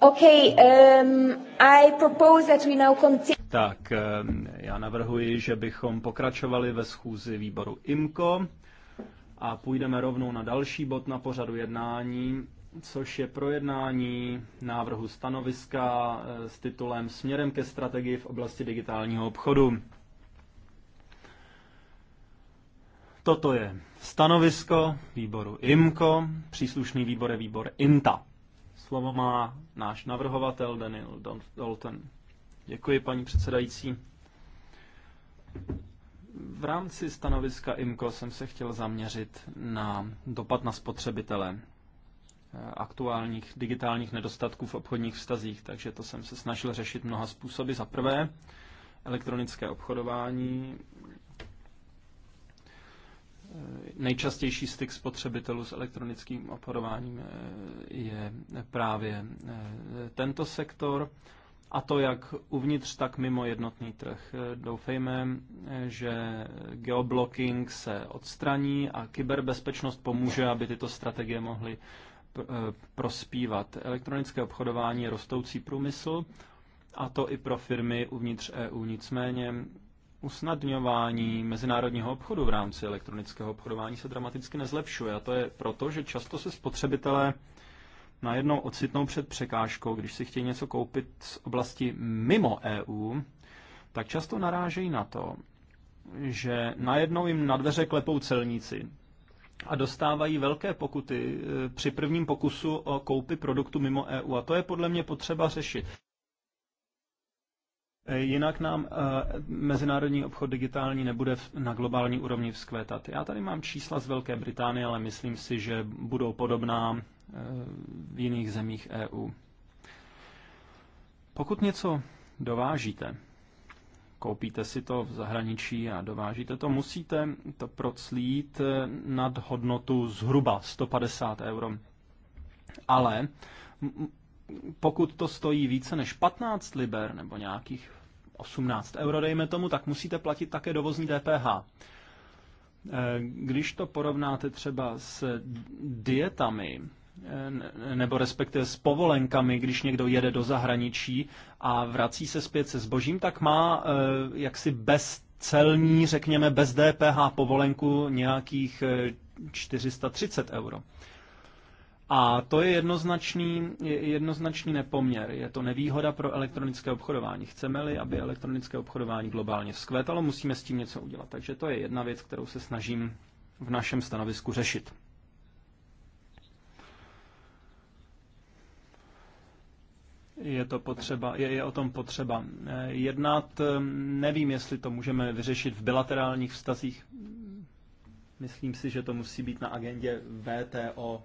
Okay, um, I propose that we now continue. Tak, um, já navrhuji, že bychom pokračovali ve schůzi výboru IMCO a půjdeme rovnou na další bod na pořadu jednání, což je projednání návrhu stanoviska eh, s titulem Směrem ke strategii v oblasti digitálního obchodu. Toto je stanovisko výboru IMCO, příslušný výbor je výbor INTA. Slovo má náš navrhovatel Daniel Dalton. Děkuji, paní předsedající. V rámci stanoviska IMCO jsem se chtěl zaměřit na dopad na spotřebitele eh, aktuálních digitálních nedostatků v obchodních vztazích, takže to jsem se snažil řešit mnoha způsoby. Za prvé, elektronické obchodování nejčastější styk spotřebitelů s elektronickým obchodováním eh, je právě eh, tento sektor, a to jak uvnitř, tak mimo jednotný trh. Doufejme, eh, že geoblocking se odstraní a kyberbezpečnost pomůže, aby tyto strategie mohly prospívat. Elektronické obchodování je rostoucí průmysl, a to i pro firmy uvnitř EU. Nicméně usnadňování mezinárodního obchodu v rámci elektronického obchodování se dramaticky nezlepšuje. A to je proto, že často se spotřebitelé najednou ocitnou před překážkou, když si chtějí něco koupit z oblasti mimo EU, tak často narážejí na to, že najednou jim na dveře klepou celníci a dostávají velké pokuty eh, při prvním pokusu o koupi produktu mimo EU. A to je podle mě potřeba řešit. Eh, jinak nám eh, mezinárodní obchod digitální nebude na globální úrovni vzkvétat. Já tady mám čísla z Velké Británie, ale myslím si, že budou podobná eh, v jiných zemích EU. Pokud něco dovážíte, koupíte si to v zahraničí a dovážíte to, musíte to proclít nad hodnotu zhruba 150 euro. Ale pokud to stojí více než 15 liber nebo nějakých 18 euro, dejme tomu, tak musíte platit také dovozní DPH. Eh, když to porovnáte třeba s dietami, eh, nebo respektive s povolenkami, když někdo jede do zahraničí a vrací se zpět se zbožím, tak má eh, jaksi bezcelní, řekněme, bez DPH povolenku nějakých 430 euro. A to je jednoznačný, jednoznačný nepoměr. Je to nevýhoda pro elektronické obchodování. Chceme-li, aby elektronické obchodování globálně vzkvétalo, musíme s tím něco udělat. Takže to je jedna věc, kterou se snažím v našem stanovisku řešit. je to potřeba, je, je o tom potřeba eh, jednat. Nevím, jestli to můžeme vyřešit v bilaterálních vztazích. Myslím si, že to musí být na agendě VTO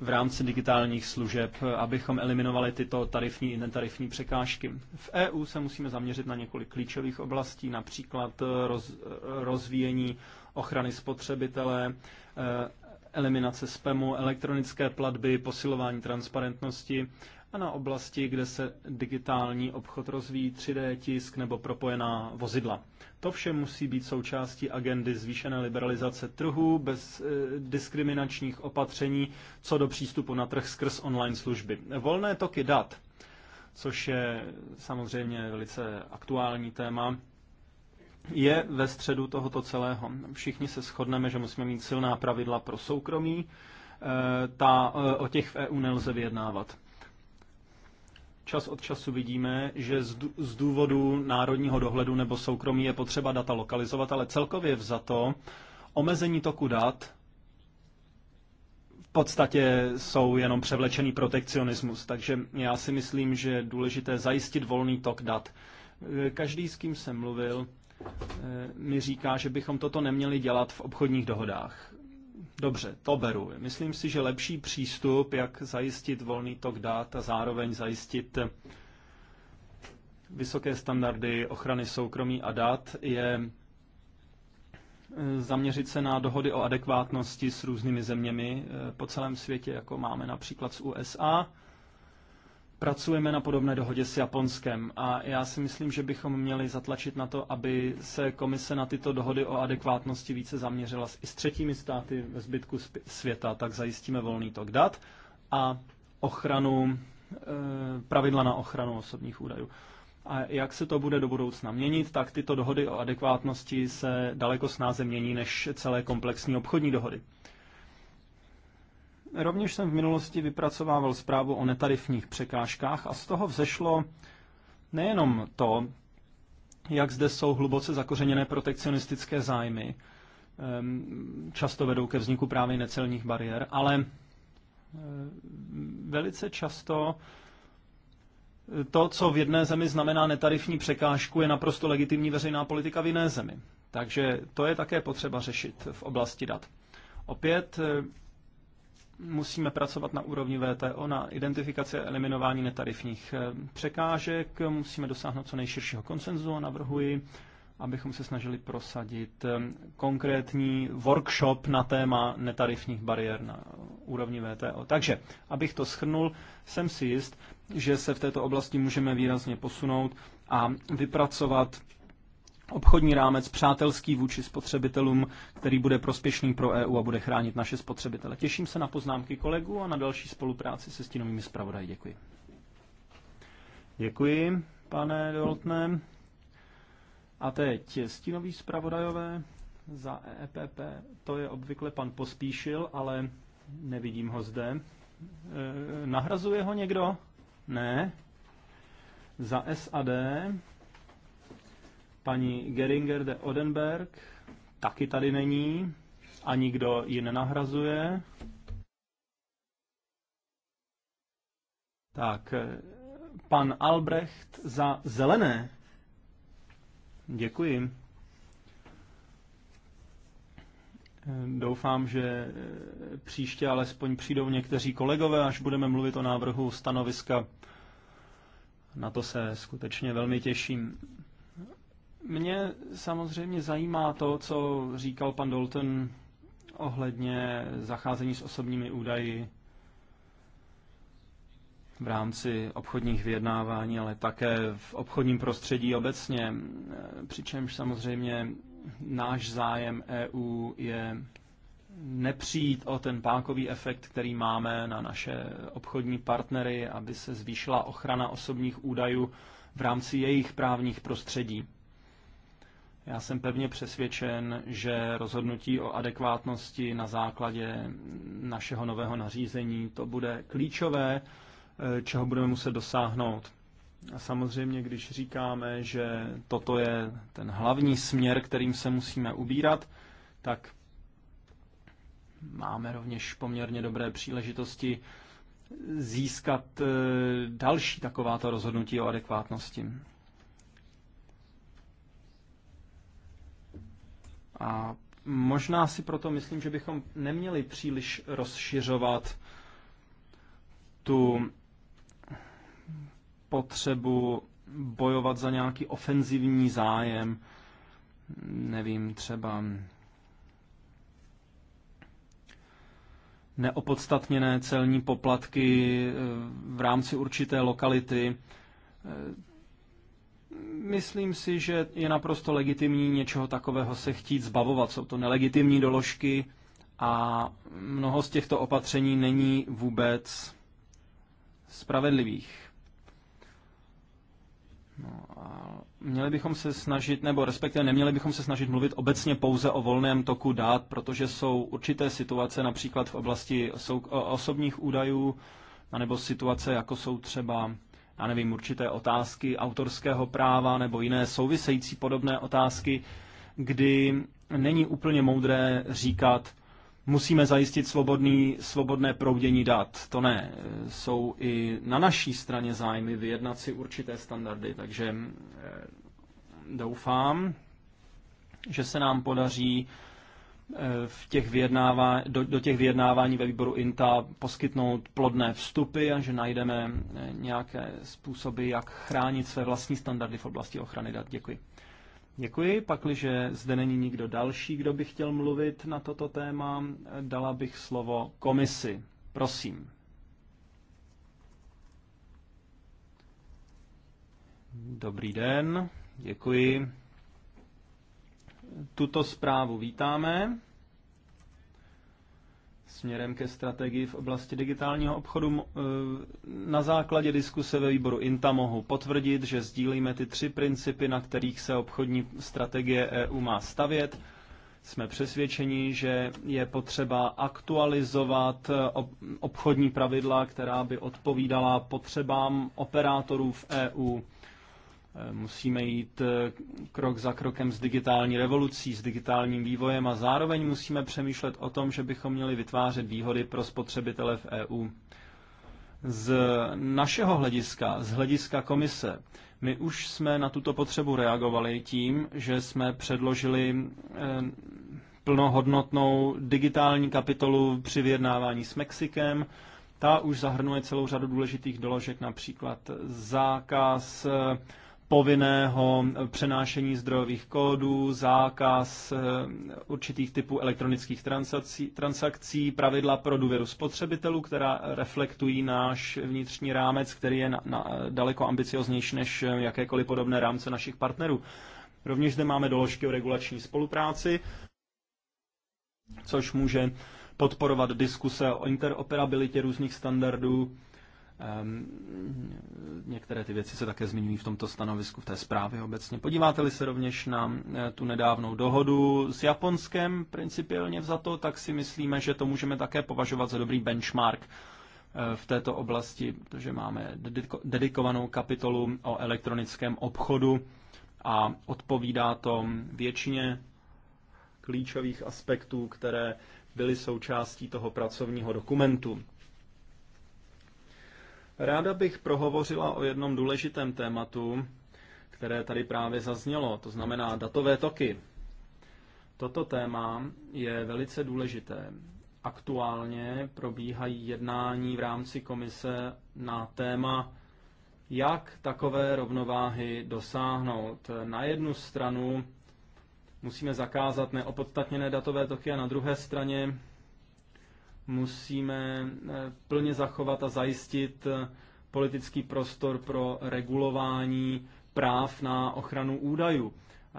v rámci digitálních služeb, abychom eliminovali tyto tarifní i netarifní překážky. V EU se musíme zaměřit na několik klíčových oblastí, například roz, rozvíjení ochrany spotřebitele, eh, eliminace spamu, elektronické platby, posilování transparentnosti a na oblasti, kde se digitální obchod rozvíjí 3D tisk nebo propojená vozidla. To vše musí být součástí agendy zvýšené liberalizace trhu bez eh, diskriminačních opatření co do přístupu na trh skrz online služby. Volné toky dat, což je samozřejmě velice aktuální téma, je ve středu tohoto celého. Všichni se shodneme, že musíme mít silná pravidla pro soukromí, eh, ta, eh, o těch v EU nelze vyjednávat. Čas od času vidíme, že z důvodu národního dohledu nebo soukromí je potřeba data lokalizovat, ale celkově vzato omezení toku dat v podstatě jsou jenom převlečený protekcionismus. Takže já si myslím, že je důležité zajistit volný tok dat. E, každý, s kým jsem mluvil, e, mi říká, že bychom toto neměli dělat v obchodních dohodách. Dobře, to beru. Myslím si, že lepší přístup, jak zajistit volný tok dát a zároveň zajistit vysoké standardy ochrany soukromí a dat, je eh, zaměřit se na dohody o adekvátnosti s různými zeměmi eh, po celém světě, jako máme například s USA, Pracujeme na podobné dohodě s Japonskem a já si myslím, že bychom měli zatlačit na to, aby se komise na tyto dohody o adekvátnosti více zaměřila i s třetími státy ve zbytku světa, tak zajistíme volný tok dat a ochranu, eh, pravidla na ochranu osobních údajů. A jak se to bude do budoucna měnit, tak tyto dohody o adekvátnosti se daleko snáze mění než celé komplexní obchodní dohody. Rovněž jsem v minulosti vypracovával zprávu o netarifních překážkách a z toho vzešlo nejenom to, jak zde jsou hluboce zakořeněné protekcionistické zájmy, ehm, často vedou ke vzniku právě necelních bariér, ale ehm, velice často to, co v jedné zemi znamená netarifní překážku, je naprosto legitimní veřejná politika v jiné zemi. Takže to je také potřeba řešit v oblasti dat. Opět ehm, musíme pracovat na úrovni VTO na identifikaci a eliminování netarifních eh, překážek. Musíme dosáhnout co nejširšího konsenzu a navrhuji, abychom se snažili prosadit eh, konkrétní workshop na téma netarifních bariér na úrovni VTO. Takže, abych to schrnul, jsem si jist, že se v této oblasti můžeme výrazně posunout a vypracovat obchodní rámec přátelský vůči spotřebitelům, který bude prospěšný pro EU a bude chránit naše spotřebitele. Těším se na poznámky kolegů a na další spolupráci se stínovými zpravodaji. Děkuji. Děkuji, pane Doltne. A teď stínový zpravodajové za EPP. To je obvykle pan Pospíšil, ale nevidím ho zde. E, nahrazuje ho někdo? Ne. Za SAD Paní Geringer de Odenberg taky tady není a nikdo ji nenahrazuje. Tak, eh, pan Albrecht za zelené. Děkuji. Eh, doufám, že eh, příště alespoň přijdou někteří kolegové, až budeme mluvit o návrhu stanoviska. Na to se skutečně velmi těším. Mě samozřejmě zajímá to, co říkal pan Dalton ohledně zacházení s osobními údaji v rámci obchodních vyjednávání, ale také v obchodním prostředí obecně. Přičemž samozřejmě náš zájem EU je nepřijít o ten pákový efekt, který máme na naše obchodní partnery, aby se zvýšila ochrana osobních údajů v rámci jejich právních prostředí. Já jsem pevně přesvědčen, že rozhodnutí o adekvátnosti na základě našeho nového nařízení to bude klíčové, eh, čeho budeme muset dosáhnout. A samozřejmě, když říkáme, že toto je ten hlavní směr, kterým se musíme ubírat, tak máme rovněž poměrně dobré příležitosti získat eh, další takováto rozhodnutí o adekvátnosti. A možná si proto myslím, že bychom neměli příliš rozšiřovat tu potřebu bojovat za nějaký ofenzivní zájem, nevím, třeba neopodstatněné celní poplatky eh, v rámci určité lokality. Eh, Myslím si, že je naprosto legitimní něčeho takového se chtít zbavovat. Jsou to nelegitimní doložky a mnoho z těchto opatření není vůbec spravedlivých. No a měli bychom se snažit, nebo respektive neměli bychom se snažit mluvit obecně pouze o volném toku dát, protože jsou určité situace, například v oblasti osobních údajů, anebo situace, jako jsou třeba já nevím, určité otázky autorského práva nebo jiné související podobné otázky, kdy není úplně moudré říkat, musíme zajistit svobodný, svobodné proudění dat. To ne. Jsou i na naší straně zájmy vyjednat si určité standardy, takže eh, doufám, že se nám podaří Eh, v těch do, do těch vyjednávání ve výboru INTA poskytnout plodné vstupy a že najdeme eh, nějaké způsoby, jak chránit své vlastní standardy v oblasti ochrany dat. Děkuji. Děkuji. Pakliže zde není nikdo další, kdo by chtěl mluvit na toto téma, eh, dala bych slovo komisi. Prosím. Dobrý den, děkuji. Tuto zprávu vítáme směrem ke strategii v oblasti digitálního obchodu. E, na základě diskuse ve výboru INTA mohu potvrdit, že sdílíme ty tři principy, na kterých se obchodní strategie EU má stavět. Jsme přesvědčeni, že je potřeba aktualizovat e, obchodní pravidla, která by odpovídala potřebám operátorů v EU Musíme jít eh, krok za krokem s digitální revolucí, s digitálním vývojem a zároveň musíme přemýšlet o tom, že bychom měli vytvářet výhody pro spotřebitele v EU. Z našeho hlediska, z hlediska komise, my už jsme na tuto potřebu reagovali tím, že jsme předložili eh, plnohodnotnou digitální kapitolu při vyjednávání s Mexikem. Ta už zahrnuje celou řadu důležitých doložek, například zákaz eh, povinného přenášení zdrojových kódů, zákaz eh, určitých typů elektronických transakcí, transakcí pravidla pro důvěru spotřebitelů, která reflektují náš vnitřní rámec, který je na, na, daleko ambicioznější než eh, jakékoliv podobné rámce našich partnerů. Rovněž zde máme doložky o regulační spolupráci, což může podporovat diskuse o interoperabilitě různých standardů, Ehm, některé ty věci se také zmiňují v tomto stanovisku, v té zprávě obecně. Podíváte-li se rovněž na eh, tu nedávnou dohodu s Japonskem, principiálně vzato, tak si myslíme, že to můžeme také považovat za dobrý benchmark eh, v této oblasti, protože máme dedikovanou kapitolu o elektronickém obchodu a odpovídá to většině klíčových aspektů, které byly součástí toho pracovního dokumentu. Ráda bych prohovořila o jednom důležitém tématu, které tady právě zaznělo, to znamená datové toky. Toto téma je velice důležité. Aktuálně probíhají jednání v rámci komise na téma, jak takové rovnováhy dosáhnout. Na jednu stranu musíme zakázat neopodstatněné datové toky a na druhé straně musíme eh, plně zachovat a zajistit eh, politický prostor pro regulování práv na ochranu údajů.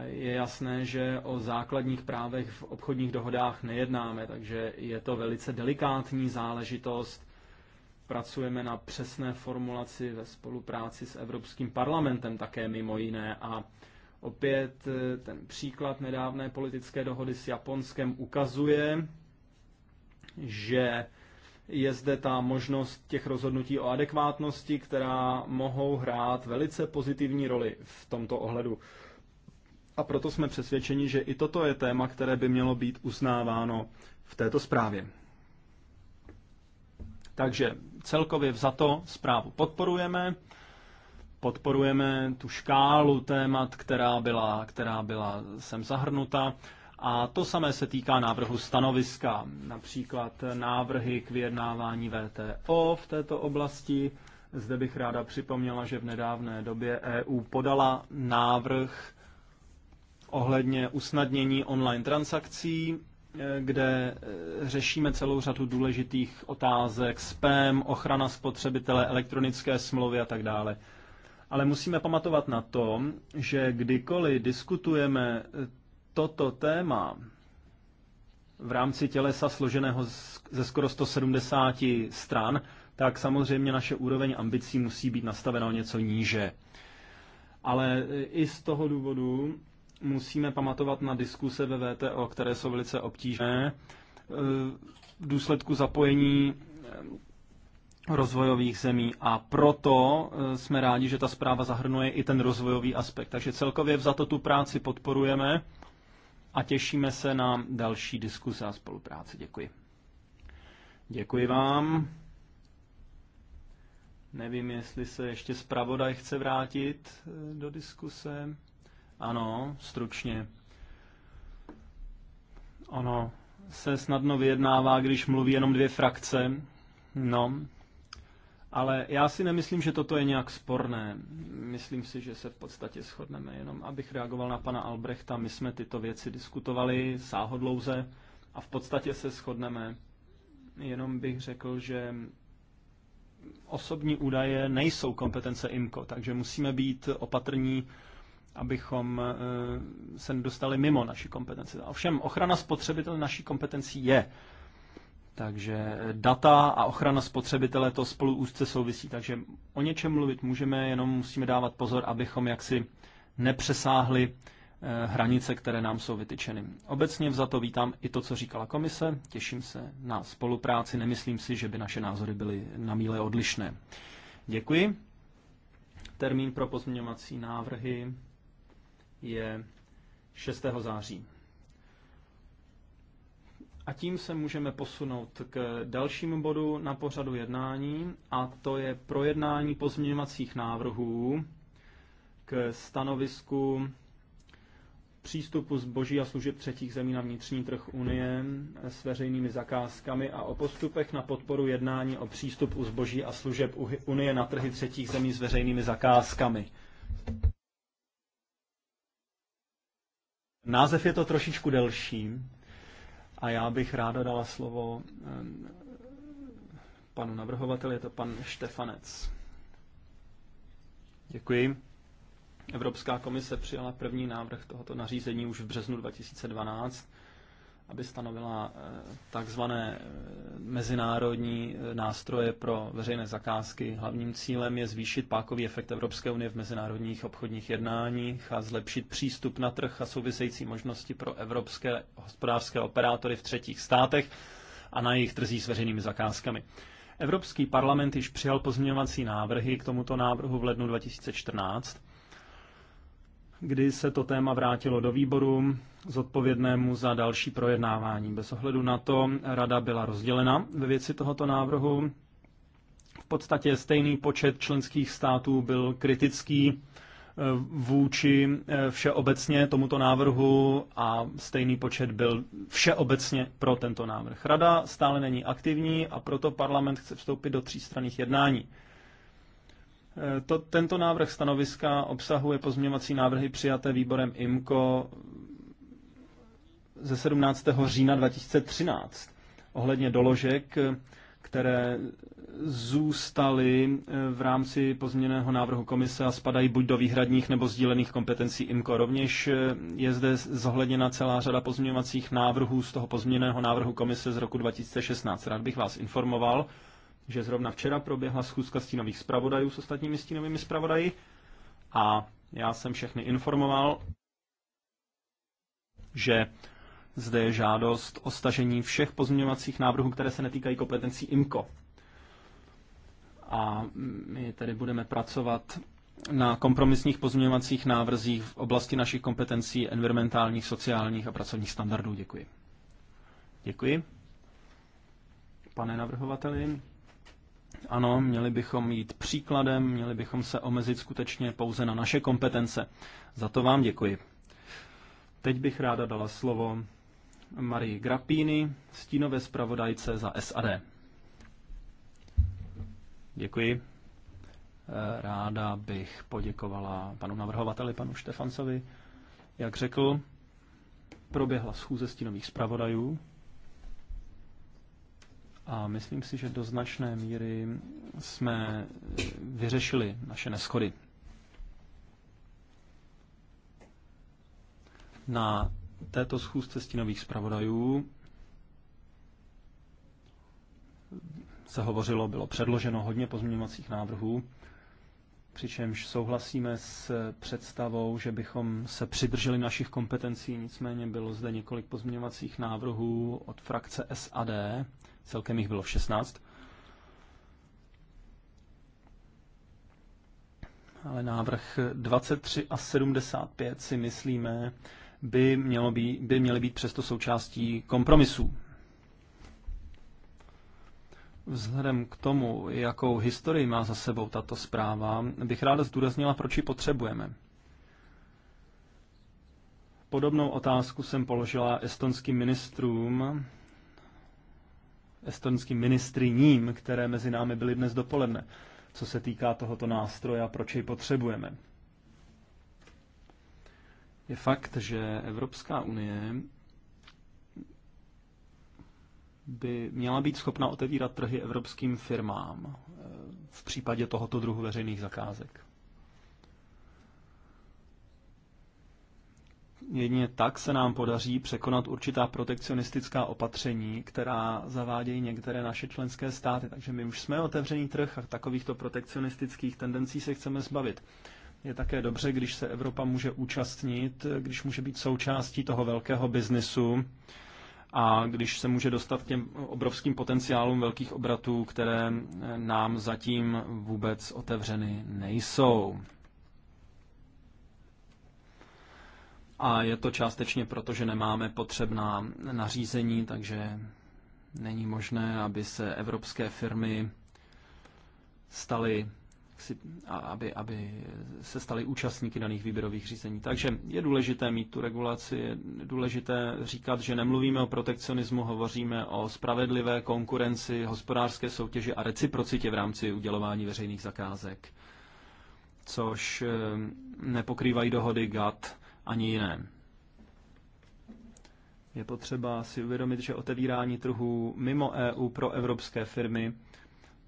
Je jasné, že o základních právech v obchodních dohodách nejednáme, takže je to velice delikátní záležitost. Pracujeme na přesné formulaci ve spolupráci s Evropským parlamentem také mimo jiné a opět eh, ten příklad nedávné politické dohody s Japonskem ukazuje, že je zde ta možnost těch rozhodnutí o adekvátnosti, která mohou hrát velice pozitivní roli v tomto ohledu. A proto jsme přesvědčeni, že i toto je téma, které by mělo být uznáváno v této zprávě. Takže celkově vzato zprávu podporujeme. Podporujeme tu škálu témat, která byla, která byla sem zahrnuta. A to samé se týká návrhu stanoviska, například návrhy k vyjednávání VTO v této oblasti. Zde bych ráda připomněla, že v nedávné době EU podala návrh ohledně usnadnění online transakcí, kde eh, řešíme celou řadu důležitých otázek, spam, ochrana spotřebitele, elektronické smlouvy a tak dále. Ale musíme pamatovat na to, že kdykoliv diskutujeme toto téma v rámci tělesa složeného ze skoro 170 stran, tak samozřejmě naše úroveň ambicí musí být nastavena o něco níže. Ale e, i z toho důvodu musíme pamatovat na diskuse ve VTO, které jsou velice obtížné. E, v důsledku zapojení e, rozvojových zemí a proto jsme rádi, že ta zpráva zahrnuje i ten rozvojový aspekt. Takže celkově za to tu práci podporujeme a těšíme se na další diskuse a spolupráci. Děkuji. Děkuji vám. Nevím, jestli se ještě zpravodaj chce vrátit eh, do diskuse. Ano, stručně. Ono se snadno vyjednává, když mluví jenom dvě frakce. No, ale já si nemyslím, že toto je nějak sporné. Myslím si, že se v podstatě shodneme. Jenom abych reagoval na pana Albrechta, my jsme tyto věci diskutovali sáhodlouze a v podstatě se shodneme. Jenom bych řekl, že osobní údaje nejsou kompetence IMCO, takže musíme být opatrní, abychom eh, se dostali mimo naši kompetenci. Ovšem, ochrana spotřebitel naší kompetencí je. Takže data a ochrana spotřebitele to spolu úzce souvisí, takže o něčem mluvit můžeme, jenom musíme dávat pozor, abychom jaksi nepřesáhli eh, hranice, které nám jsou vytyčeny. Obecně to vítám i to, co říkala komise, těším se na spolupráci, nemyslím si, že by naše názory byly na míle odlišné. Děkuji. Termín pro pozměňovací návrhy je 6. září. A tím se můžeme posunout k dalšímu bodu na pořadu jednání, a to je projednání pozměňovacích návrhů k stanovisku přístupu zboží a služeb třetích zemí na vnitřní trh Unie s veřejnými zakázkami a o postupech na podporu jednání o přístupu zboží a služeb Unie na trhy třetích zemí s veřejnými zakázkami. Název je to trošičku delší, a já bych ráda dala slovo eh, panu navrhovateli, je to pan Štefanec. Děkuji. Evropská komise přijala první návrh tohoto nařízení už v březnu 2012 aby stanovila eh, takzvané eh, mezinárodní eh, nástroje pro veřejné zakázky. Hlavním cílem je zvýšit pákový efekt Evropské unie v mezinárodních obchodních jednáních a zlepšit přístup na trh a související možnosti pro evropské hospodářské operátory v třetích státech a na jejich trzích s veřejnými zakázkami. Evropský parlament již přijal pozměňovací návrhy k tomuto návrhu v lednu 2014 kdy se to téma vrátilo do výboru zodpovědnému za další projednávání. Bez ohledu na to rada byla rozdělena ve věci tohoto návrhu. V podstatě stejný počet členských států byl kritický eh, vůči eh, všeobecně tomuto návrhu a stejný počet byl všeobecně pro tento návrh. Rada stále není aktivní a proto parlament chce vstoupit do třístranných jednání. Eh, to, tento návrh stanoviska obsahuje pozměňovací návrhy přijaté výborem IMCO ze 17. října 2013 ohledně doložek, které zůstaly eh, v rámci pozměněného návrhu komise a spadají buď do výhradních nebo sdílených kompetencí IMCO. Rovněž eh, je zde zohledněna celá řada pozměňovacích návrhů z toho pozměněného návrhu komise z roku 2016. Rád bych vás informoval, že zrovna včera proběhla schůzka stínových zpravodajů s ostatními stínovými zpravodaji a já jsem všechny informoval, že zde je žádost o stažení všech pozměňovacích návrhů, které se netýkají kompetencí IMCO. A my tedy budeme pracovat na kompromisních pozměňovacích návrzích v oblasti našich kompetencí environmentálních, sociálních a pracovních standardů. Děkuji. Děkuji. Pane navrhovateli, ano, měli bychom jít příkladem, měli bychom se omezit skutečně pouze na naše kompetence. Za to vám děkuji. Teď bych ráda dala slovo Marii Grapíny, stínové zpravodajce za SAD. Děkuji. Ráda bych poděkovala panu navrhovateli, panu Štefancovi. Jak řekl, proběhla schůze stínových zpravodajů a myslím si, že do značné míry jsme eh, vyřešili naše neschody. Na této schůzce stínových zpravodajů se hovořilo, bylo předloženo hodně pozměňovacích návrhů přičemž souhlasíme s představou, že bychom se přidrželi našich kompetencí, nicméně bylo zde několik pozměňovacích návrhů od frakce SAD, celkem jich bylo 16, ale návrh 23 a 75 si myslíme, by, mělo být, by měly být přesto součástí kompromisů. Vzhledem k tomu, jakou historii má za sebou tato zpráva, bych ráda zdůraznila, proč ji potřebujeme. Podobnou otázku jsem položila estonským ministrům, estonským ministriním, které mezi námi byly dnes dopoledne, co se týká tohoto nástroje a proč jej potřebujeme. Je fakt, že Evropská unie by měla být schopna otevírat trhy evropským firmám eh, v případě tohoto druhu veřejných zakázek. Jedině tak se nám podaří překonat určitá protekcionistická opatření, která zavádějí některé naše členské státy. Takže my už jsme otevřený trh a takovýchto protekcionistických tendencí se chceme zbavit. Je také dobře, když se Evropa může účastnit, když může být součástí toho velkého biznisu, a když se může dostat k těm obrovským potenciálům velkých obratů, které eh, nám zatím vůbec otevřeny nejsou. A je to částečně proto, že nemáme potřebná nařízení, takže není možné, aby se evropské firmy staly si, aby, aby se stali účastníky daných výběrových řízení. Takže je důležité mít tu regulaci, je důležité říkat, že nemluvíme o protekcionismu, hovoříme o spravedlivé konkurenci, hospodářské soutěži a reciprocitě v rámci udělování veřejných zakázek, což eh, nepokrývají dohody GATT ani jiné. Je potřeba si uvědomit, že otevírání trhů mimo EU pro evropské firmy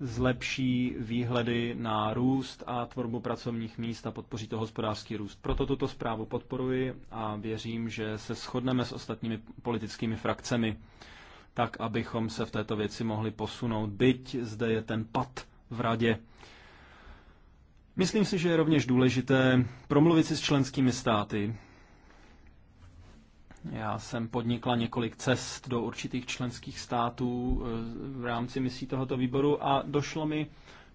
zlepší výhledy na růst a tvorbu pracovních míst a podpoří to hospodářský růst. Proto tuto zprávu podporuji a věřím, že se shodneme s ostatními politickými frakcemi, tak abychom se v této věci mohli posunout, byť zde je ten pad v radě. Myslím si, že je rovněž důležité promluvit si s členskými státy, já jsem podnikla několik cest do určitých členských států eh, v rámci misí tohoto výboru a došlo mi,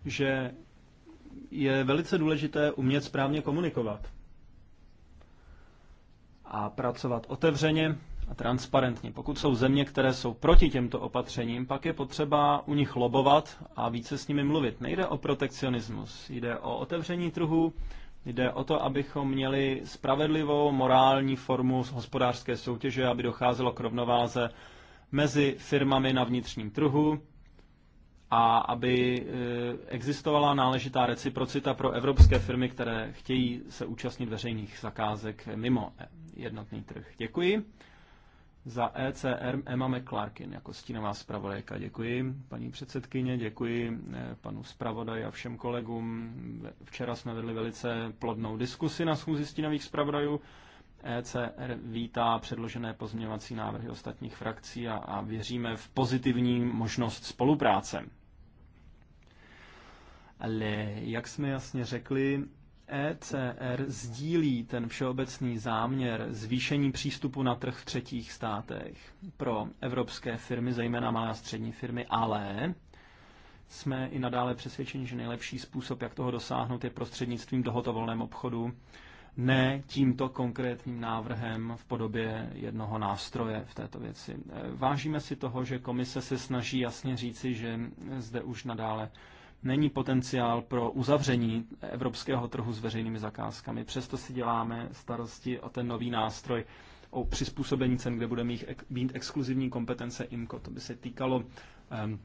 že je velice důležité umět správně komunikovat a pracovat otevřeně a transparentně. Pokud jsou země, které jsou proti těmto opatřením, pak je potřeba u nich lobovat a více s nimi mluvit. Nejde o protekcionismus, jde o otevření trhu, Jde o to, abychom měli spravedlivou morální formu hospodářské soutěže, aby docházelo k rovnováze mezi firmami na vnitřním trhu a aby e, existovala náležitá reciprocita pro evropské firmy, které chtějí se účastnit veřejných zakázek mimo jednotný trh. Děkuji. Za ECR Emma McClarkin jako stínová zpravodajka. Děkuji paní předsedkyně, děkuji eh, panu zpravodaji a všem kolegům. Včera jsme vedli velice plodnou diskusi na schůzi stínových zpravodajů. ECR vítá předložené pozměňovací návrhy ostatních frakcí a, a věříme v pozitivní možnost spolupráce. Ale jak jsme jasně řekli, ECR sdílí ten všeobecný záměr zvýšení přístupu na trh v třetích státech pro evropské firmy, zejména malé a střední firmy, ale jsme i nadále přesvědčeni, že nejlepší způsob, jak toho dosáhnout, je prostřednictvím dohod volném obchodu, ne tímto konkrétním návrhem v podobě jednoho nástroje v této věci. E, vážíme si toho, že komise se snaží jasně říci, že zde už nadále není potenciál pro uzavření evropského trhu s veřejnými zakázkami. Přesto si děláme starosti o ten nový nástroj o přizpůsobení cen, kde bude mít, mít exkluzivní kompetence IMCO. To by se týkalo um,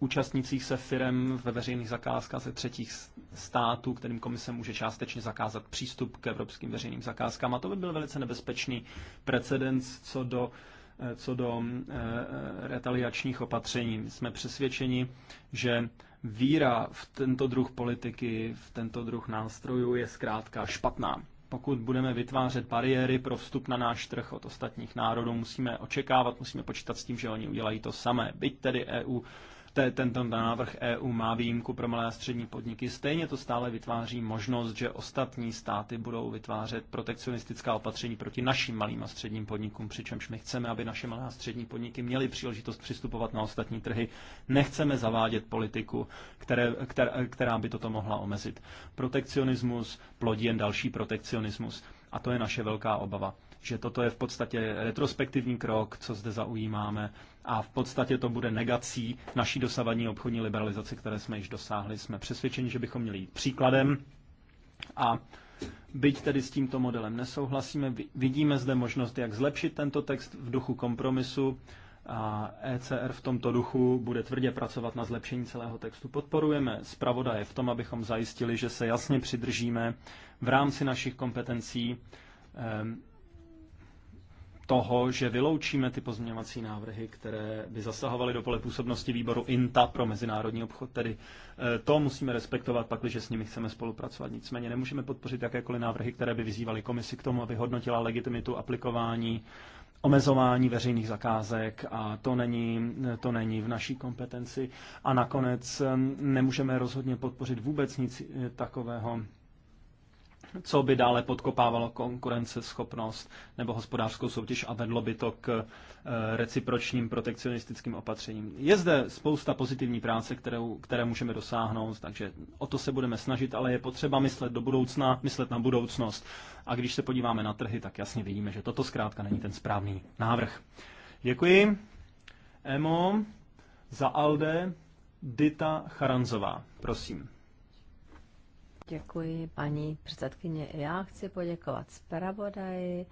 účastnících se firem ve veřejných zakázkách ze třetích států, kterým komise může částečně zakázat přístup k evropským veřejným zakázkám. A to by byl velice nebezpečný precedens co do, eh, co do e, retaliačních opatření. My jsme přesvědčeni, že víra v tento druh politiky, v tento druh nástrojů je zkrátka špatná. Pokud budeme vytvářet bariéry pro vstup na náš trh od ostatních národů, musíme očekávat, musíme počítat s tím, že oni udělají to samé. Byť tedy EU te, tento návrh EU má výjimku pro malé a střední podniky, stejně to stále vytváří možnost, že ostatní státy budou vytvářet protekcionistická opatření proti našim malým a středním podnikům, přičemž my chceme, aby naše malé a střední podniky měly příležitost přistupovat na ostatní trhy. Nechceme zavádět politiku, které, která, která by toto mohla omezit. Protekcionismus plodí jen další protekcionismus. A to je naše velká obava, že toto je v podstatě retrospektivní krok, co zde zaujímáme a v podstatě to bude negací naší dosavadní obchodní liberalizace, které jsme již dosáhli. Jsme přesvědčeni, že bychom měli jít příkladem a byť tedy s tímto modelem nesouhlasíme, vidíme zde možnost, jak zlepšit tento text v duchu kompromisu a ECR v tomto duchu bude tvrdě pracovat na zlepšení celého textu. Podporujeme zpravodaje v tom, abychom zajistili, že se jasně přidržíme v rámci našich kompetencí ehm, toho, že vyloučíme ty pozměňovací návrhy, které by zasahovaly do pole působnosti výboru INTA pro mezinárodní obchod. Tedy e, to musíme respektovat, pakliže s nimi chceme spolupracovat. Nicméně nemůžeme podpořit jakékoliv návrhy, které by vyzývaly komisi k tomu, aby hodnotila legitimitu aplikování omezování veřejných zakázek a to není, to není v naší kompetenci. A nakonec e, nemůžeme rozhodně podpořit vůbec nic e, takového, co by dále podkopávalo konkurenceschopnost nebo hospodářskou soutěž a vedlo by to k eh, recipročním protekcionistickým opatřením. Je zde spousta pozitivní práce, kterou, které můžeme dosáhnout, takže o to se budeme snažit, ale je potřeba myslet do budoucna, myslet na budoucnost. A když se podíváme na trhy, tak jasně vidíme, že toto zkrátka není ten správný návrh. Děkuji. Emo za Alde Dita Charanzová, prosím. Děkuji, paní předsedkyně. Já chci poděkovat zpravodaji,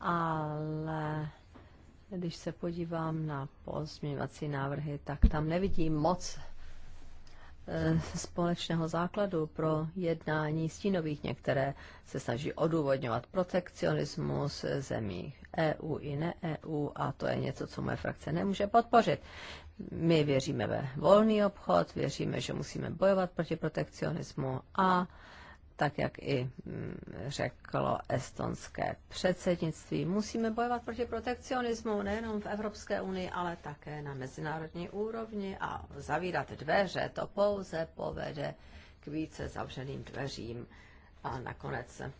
ale když se podívám na pozměňovací návrhy, tak tam nevidím moc eh, společného základu pro jednání stínových. Některé se snaží odůvodňovat protekcionismus zemí EU i ne EU a to je něco, co moje frakce nemůže podpořit. My věříme ve volný obchod, věříme, že musíme bojovat proti protekcionismu a tak jak i mm, řeklo estonské předsednictví, musíme bojovat proti protekcionismu nejenom v Evropské unii, ale také na mezinárodní úrovni a zavírat dveře to pouze povede k více zavřeným dveřím a nakonec eh,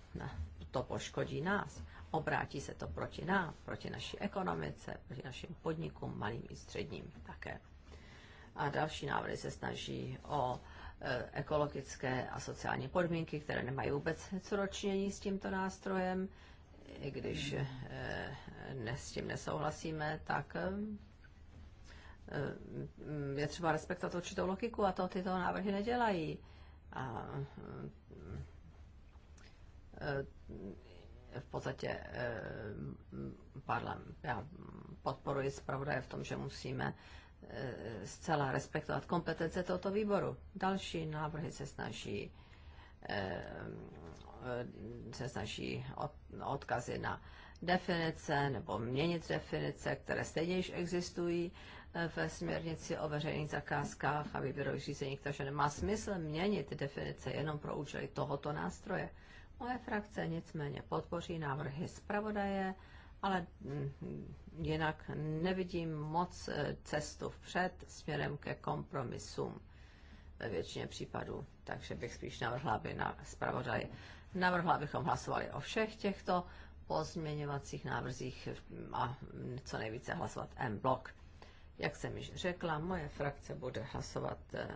to poškodí nás obrátí se to proti nám, proti naší ekonomice, proti našim podnikům, malým i středním také. A další návrhy se snaží o e, ekologické a sociální podmínky, které nemají vůbec co ročnění s tímto nástrojem. I když e, ne, s tím nesouhlasíme, tak e, je třeba respektovat určitou logiku a to tyto návrhy nedělají. A, v podstatě eh, já podporuji zpravodaje v tom, že musíme eh, zcela respektovat kompetence tohoto výboru. Další návrhy se snaží eh, se snaží odkazy na definice nebo měnit definice, které stejně již existují ve směrnici o veřejných zakázkách a výběrových řízeních, takže nemá smysl měnit definice jenom pro účely tohoto nástroje. Moje frakce nicméně podpoří návrhy zpravodaje, ale mm, jinak nevidím moc e, cestu vpřed směrem ke kompromisům ve většině případů. Takže bych spíš navrhla, aby na zpravodaj navrhla, abychom hlasovali o všech těchto pozměňovacích návrzích a co nejvíce hlasovat M blok. Jak jsem již řekla, moje frakce bude hlasovat e,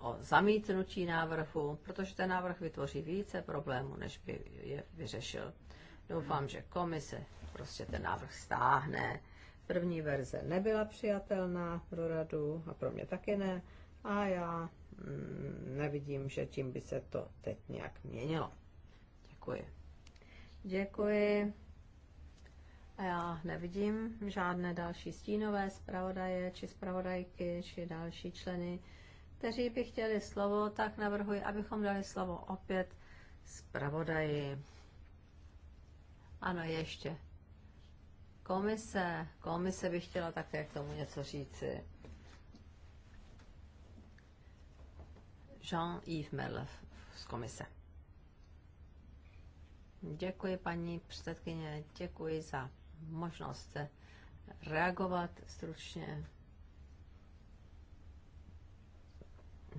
o zamítnutí návrhu, protože ten návrh vytvoří více problémů, než by je vyřešil. Doufám, že komise prostě ten návrh stáhne. První verze nebyla přijatelná pro radu a pro mě taky ne. A já mm, nevidím, že tím by se to teď nějak měnilo. Děkuji. Děkuji. A já nevidím žádné další stínové zpravodaje či zpravodajky či další členy kteří by chtěli slovo, tak navrhuji, abychom dali slovo opět zpravodaji. Ano, ještě. Komise. Komise by chtěla také k tomu něco říci. Jean-Yves Merlev z komise. Děkuji, paní předsedkyně, děkuji za možnost reagovat stručně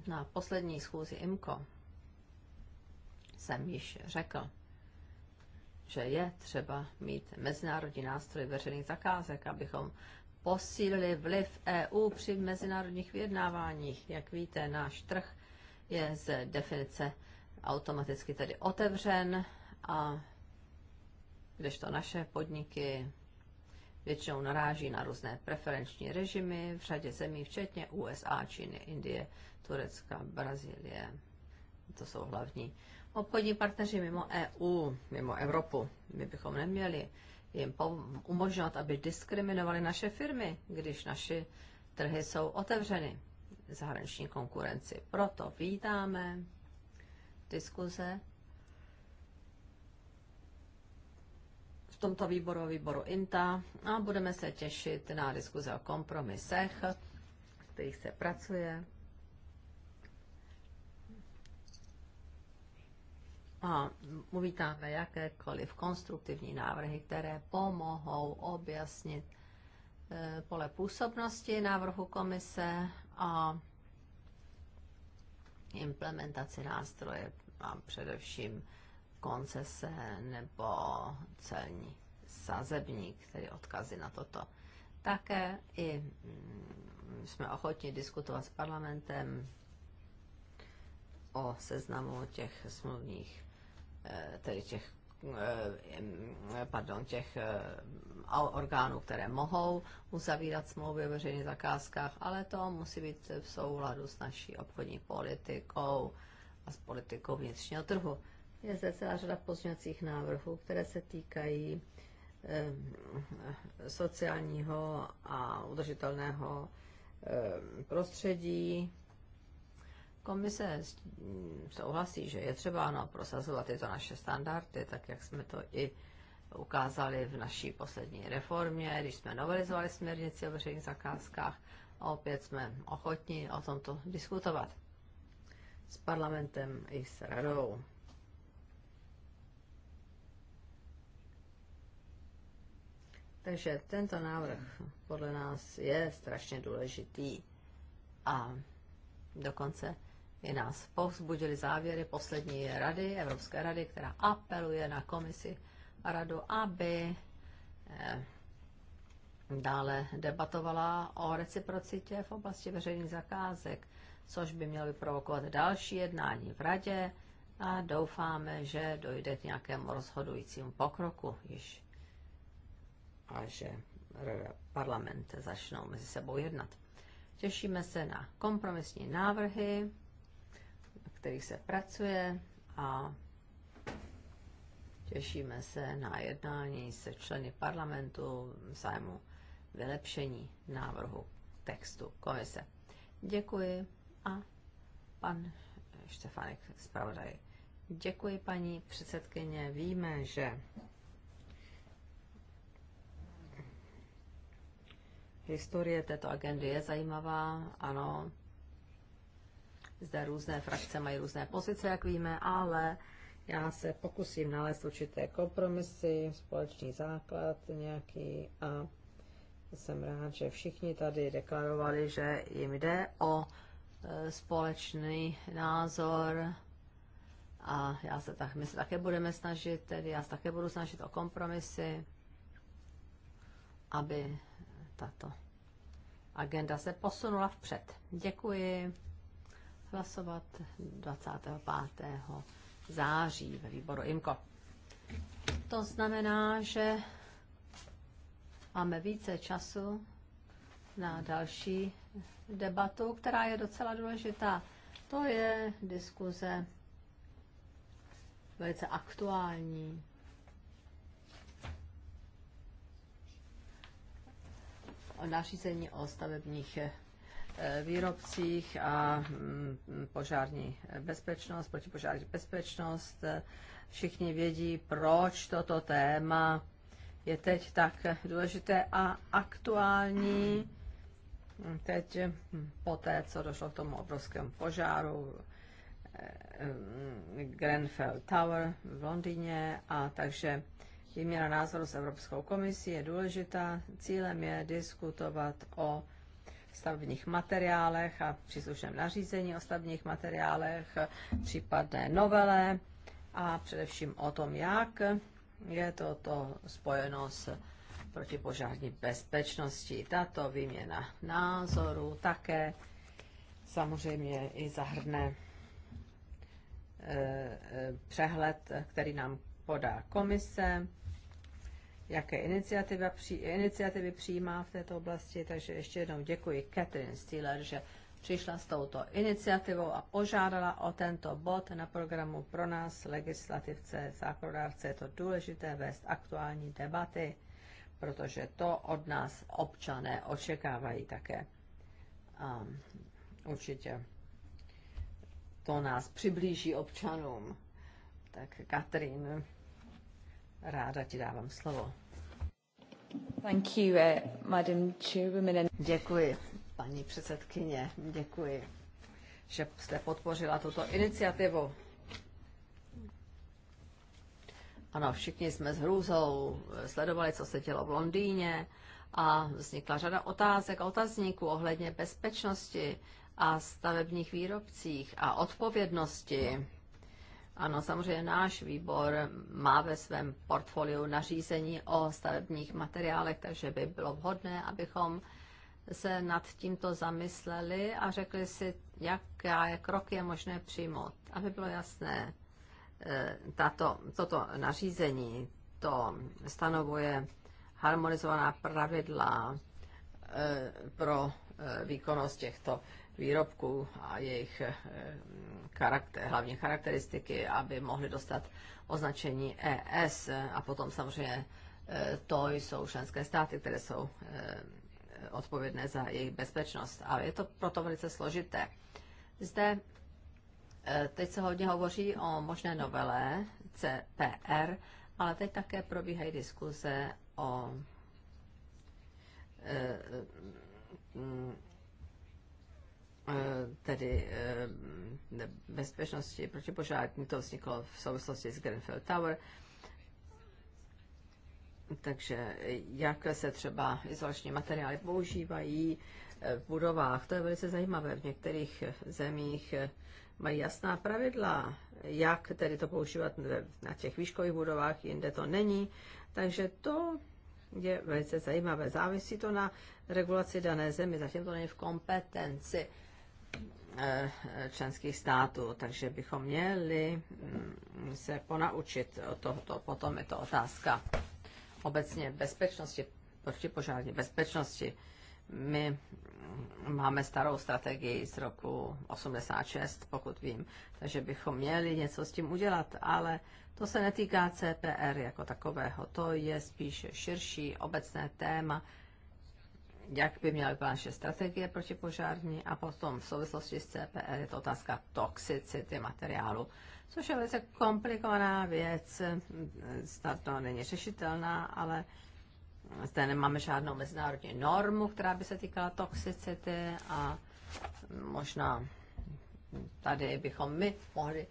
Na poslední schůzi IMCO jsem již řekl, že je třeba mít mezinárodní nástroj veřejných zakázek, abychom posílili vliv EU při mezinárodních vyjednáváních. Jak víte, náš trh je z definice automaticky tedy otevřen a kdežto naše podniky většinou naráží na různé preferenční režimy v řadě zemí, včetně USA, Číny, Indie, Turecka, Brazílie. To jsou hlavní obchodní partneři mimo EU, mimo Evropu. My bychom neměli jim umožňovat, aby diskriminovali naše firmy, když naše trhy jsou otevřeny zahraniční konkurenci. Proto vítáme diskuze tomto výboru, výboru INTA a budeme se těšit na diskuze o kompromisech, v kterých se pracuje. A uvítáme jakékoliv konstruktivní návrhy, které pomohou objasnit eh, pole působnosti návrhu komise a implementaci nástroje a především koncese nebo celní sazebník, tedy odkazy na toto. Také i mm, jsme ochotni diskutovat s parlamentem o seznamu těch smluvních, eh, tedy těch, eh, pardon, těch eh, orgánů, které mohou uzavírat smlouvy o veřejných zakázkách, ale to musí být v souladu s naší obchodní politikou a s politikou vnitřního trhu. Je zde celá řada pozměňovacích návrhů, které se týkají sociálního a udržitelného prostředí. Komise souhlasí, že je třeba ano, prosazovat tyto naše standardy, tak jak jsme to i ukázali v naší poslední reformě, když jsme novelizovali směrnici o veřejných zakázkách a opět jsme ochotni o tomto diskutovat s parlamentem i s radou. Takže tento návrh podle nás je strašně důležitý a dokonce i nás povzbudili závěry poslední rady, Evropské rady, která apeluje na komisi a radu, aby eh, dále debatovala o reciprocitě v oblasti veřejných zakázek, což by mělo vyprovokovat další jednání v radě a doufáme, že dojde k nějakému rozhodujícímu pokroku již a že parlament začnou mezi sebou jednat. Těšíme se na kompromisní návrhy, na kterých se pracuje a těšíme se na jednání se členy parlamentu v zájmu vylepšení návrhu textu komise. Děkuji a pan Štefanek zpravodaj. Děkuji, paní předsedkyně. Víme, že Historie této agendy je zajímavá, ano. Zde různé frakce mají různé pozice, jak víme, ale já se pokusím nalézt určité kompromisy, společný základ nějaký a jsem rád, že všichni tady deklarovali, že jim jde o e, společný názor a já se tak, my se také budeme snažit, tedy já se také budu snažit o kompromisy, aby tato agenda se posunula vpřed. Děkuji. Hlasovat 25. září ve výboru IMKO. To znamená, že máme více času na další debatu, která je docela důležitá. To je diskuze velice aktuální nařízení o stavebních eh, výrobcích a mm, požární bezpečnost, protipožární bezpečnost. Všichni vědí, proč toto téma je teď tak důležité a aktuální. Teď hm, po té, co došlo k tomu obrovskému požáru eh, hm, Grenfell Tower v Londýně a takže Výměna názoru s Evropskou komisí je důležitá. Cílem je diskutovat o stavebních materiálech a příslušném nařízení o stavebních materiálech, případné novele a především o tom, jak je toto spojeno s protipožární bezpečností. Tato výměna názoru také samozřejmě i zahrne eh, eh, přehled, který nám podá komise jaké iniciativa, při, iniciativy přijímá v této oblasti. Takže ještě jednou děkuji Catherine Steeler, že přišla s touto iniciativou a požádala o tento bod na programu pro nás, legislativce, zákonodárce. Je to důležité vést aktuální debaty, protože to od nás občané očekávají také. A určitě to nás přiblíží občanům. Tak Katrin, ráda ti dávám slovo. Eh, děkuji, paní předsedkyně, děkuji, že jste podpořila tuto iniciativu. Ano, všichni jsme s hrůzou sledovali, co se dělo v Londýně a vznikla řada otázek a otazníků ohledně bezpečnosti a stavebních výrobcích a odpovědnosti ano, samozřejmě náš výbor má ve svém portfoliu nařízení o stavebních materiálech, takže by bylo vhodné, abychom se nad tímto zamysleli a řekli si, jaké kroky je možné přijmout. Aby bylo jasné, eh, tato, toto nařízení to stanovuje harmonizovaná pravidla eh, pro eh, výkonnost těchto výrobků a jejich eh, charakter, hlavní charakteristiky, aby mohly dostat označení ES a potom samozřejmě eh, to jsou členské státy, které jsou eh, odpovědné za jejich bezpečnost. Ale je to proto velice složité. Zde teď se hodně hovoří o možné novele CPR, ale teď také probíhají diskuze o Eh, tedy eh, bezpečnosti proti požární, to vzniklo v souvislosti s Grenfell Tower. Takže jak se třeba izolační materiály používají eh, v budovách, to je velice zajímavé. V některých zemích mají jasná pravidla, jak tedy to používat na těch výškových budovách, jinde to není. Takže to je velice zajímavé. Závisí to na regulaci dané zemi, zatím to není v kompetenci Eh, členských států, takže bychom měli mm, se ponaučit o tohoto. Potom je to otázka obecně bezpečnosti, protipožární bezpečnosti. My máme starou strategii z roku 86, pokud vím, takže bychom měli něco s tím udělat, ale to se netýká CPR jako takového, to je spíš širší obecné téma, jak by měla vypadat naše strategie požární a potom v souvislosti s CPR e je to otázka toxicity materiálu, což je velice komplikovaná věc, to není řešitelná, ale zde nemáme žádnou mezinárodní normu, která by se týkala toxicity a možná tady bychom my mohli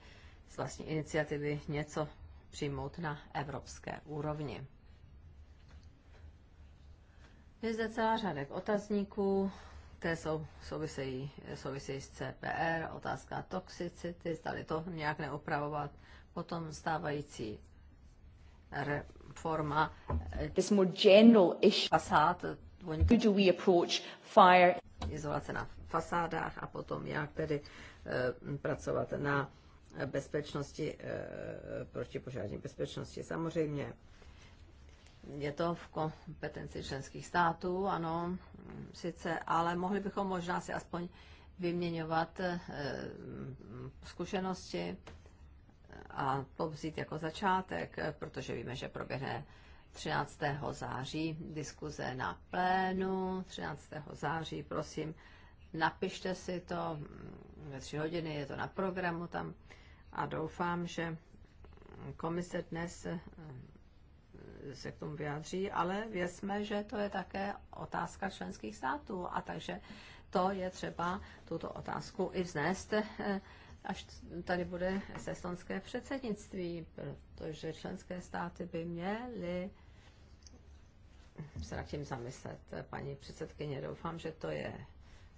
z vlastní iniciativy něco přijmout na evropské úrovni. Je zde celá řada otazníků, které jsou, souvisejí, souvisejí s CPR, otázka toxicity, zdali to nějak neopravovat, potom stávající reforma eh, This more general issue. fasád, How do we approach fire? izolace na fasádách a potom jak tedy e, pracovat na bezpečnosti, e, eh, protipožární bezpečnosti samozřejmě. Je to v kompetenci členských států, ano, sice, ale mohli bychom možná si aspoň vyměňovat eh, zkušenosti eh, a to vzít jako začátek, eh, protože víme, že proběhne 13. září diskuze na plénu. 13. září, prosím, napište si to mm, ve tři hodiny, je to na programu tam a doufám, že komise dnes se k tomu vyjádří, ale věřme, že to je také otázka členských států a takže to je třeba tuto otázku i vznést eh, až tady bude sestonské předsednictví, protože členské státy by měly se nad tím zamyslet. Paní předsedkyně, doufám, že to je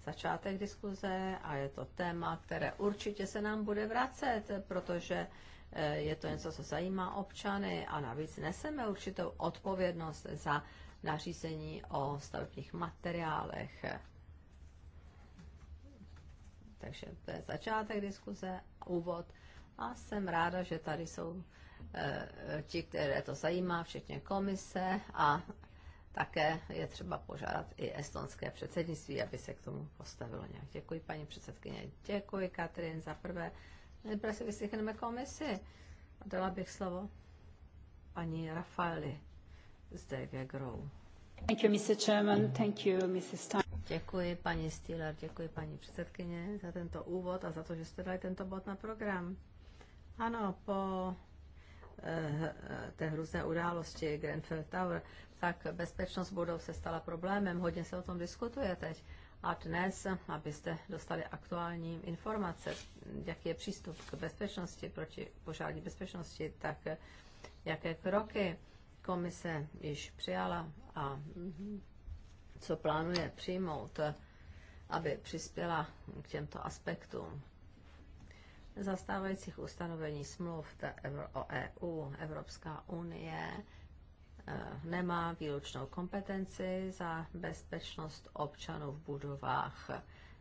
začátek diskuze a je to téma, které určitě se nám bude vracet, protože Eh, je to něco, co zajímá občany a navíc neseme určitou odpovědnost za nařízení o stavebních materiálech. Takže to je začátek diskuze, úvod a jsem ráda, že tady jsou eh, ti, které to zajímá, včetně komise a také je třeba požádat i estonské předsednictví, aby se k tomu postavilo nějak. Děkuji paní předsedkyně, děkuji Katrin za prvé Nejprve si vyslechneme komisi. A dala bych slovo paní Rafaeli z DG Thank you, Mr. Chairman. Thank you, Mrs. Stein. Děkuji, paní Stiller. děkuji, paní předsedkyně, za tento úvod a za to, že jste dali tento bod na program. Ano, po eh, té hrůzné události Grenfell Tower, tak bezpečnost budov se stala problémem. Hodně se o tom diskutuje teď a dnes, abyste dostali aktuální informace, jaký je přístup k bezpečnosti, proti požární bezpečnosti, tak jaké kroky komise již přijala a co plánuje přijmout, aby přispěla k těmto aspektům. Zastávajících ustanovení smluv o EU, Evropská unie Eh, nemá výlučnou kompetenci za bezpečnost občanů v budovách.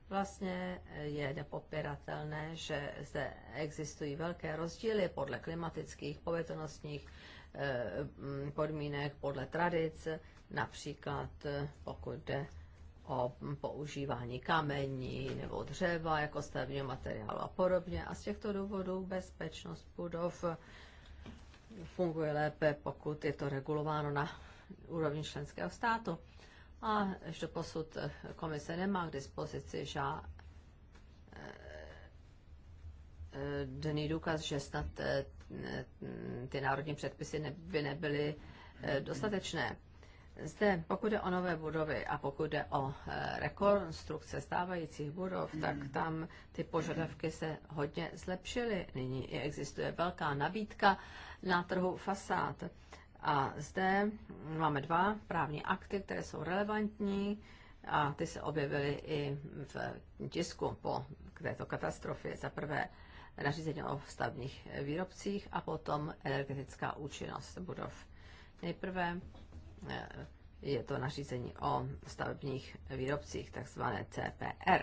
Vlastně eh, je nepopiratelné, že zde existují velké rozdíly podle klimatických, povětrnostních eh, podmínek, podle tradic, například pokud jde o používání kamení nebo dřeva jako stavního materiálu a podobně. A z těchto důvodů bezpečnost budov funguje lépe, pokud je to regulováno na úrovni členského státu. A ještě posud komise nemá k dispozici žádný eh, důkaz, že snad eh, ty národní předpisy by nebyly eh, dostatečné. Zde, pokud jde o nové budovy a pokud jde o eh, rekonstrukce stávajících budov, tak tam ty požadavky se hodně zlepšily. Nyní existuje velká nabídka na trhu fasád. A zde máme dva právní akty, které jsou relevantní a ty se objevily i v tisku po této katastrofě. Za prvé nařízení o stavních výrobcích a potom energetická účinnost budov. Nejprve je to nařízení o stavebních výrobcích, takzvané CPR.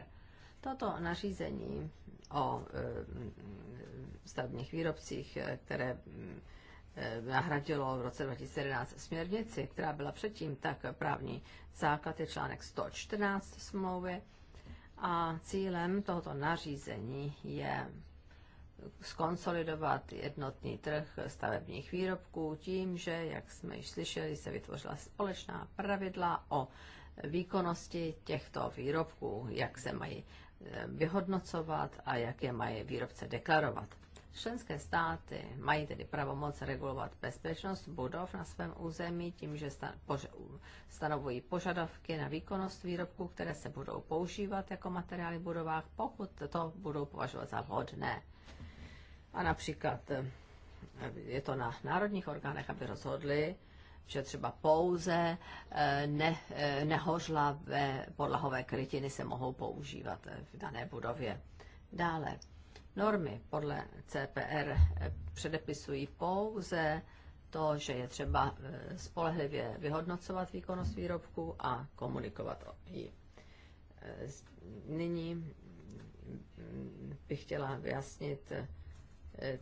Toto nařízení o eh, stavebních výrobcích, které eh, nahradilo v roce 2011 směrnici, která byla předtím, tak právní základ je článek 114 smlouvy. A cílem tohoto nařízení je skonsolidovat jednotný trh stavebních výrobků tím, že, jak jsme již slyšeli, se vytvořila společná pravidla o výkonnosti těchto výrobků, jak se mají eh, vyhodnocovat a jak je mají výrobce deklarovat. Členské státy mají tedy pravomoc regulovat bezpečnost budov na svém území tím, že stanovují požadavky na výkonnost výrobků, které se budou používat jako materiály v budovách, pokud to budou považovat za vhodné. A například eh, je to na národních orgánech, aby rozhodli, že třeba pouze eh, ne, eh, nehořlavé podlahové krytiny se mohou používat v dané budově. Dále, normy podle CPR předepisují pouze to, že je třeba spolehlivě vyhodnocovat výkonnost výrobku a komunikovat ní. Nyní mm, bych chtěla vyjasnit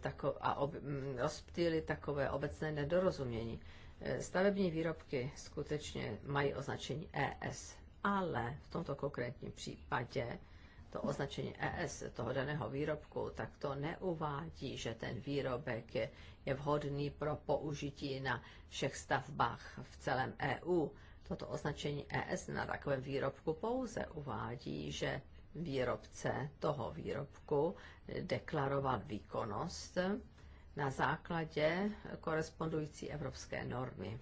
tako, a ob, mm, rozptýlit takové obecné nedorozumění. Eh, stavební výrobky skutečně mají označení ES, ale v tomto konkrétním případě to označení ES toho daného výrobku, tak to neuvádí, že ten výrobek je, je vhodný pro použití na všech stavbách v celém EU. Toto označení ES na takovém výrobku pouze uvádí, že výrobce toho výrobku deklarovat výkonnost na základě korespondující evropské normy.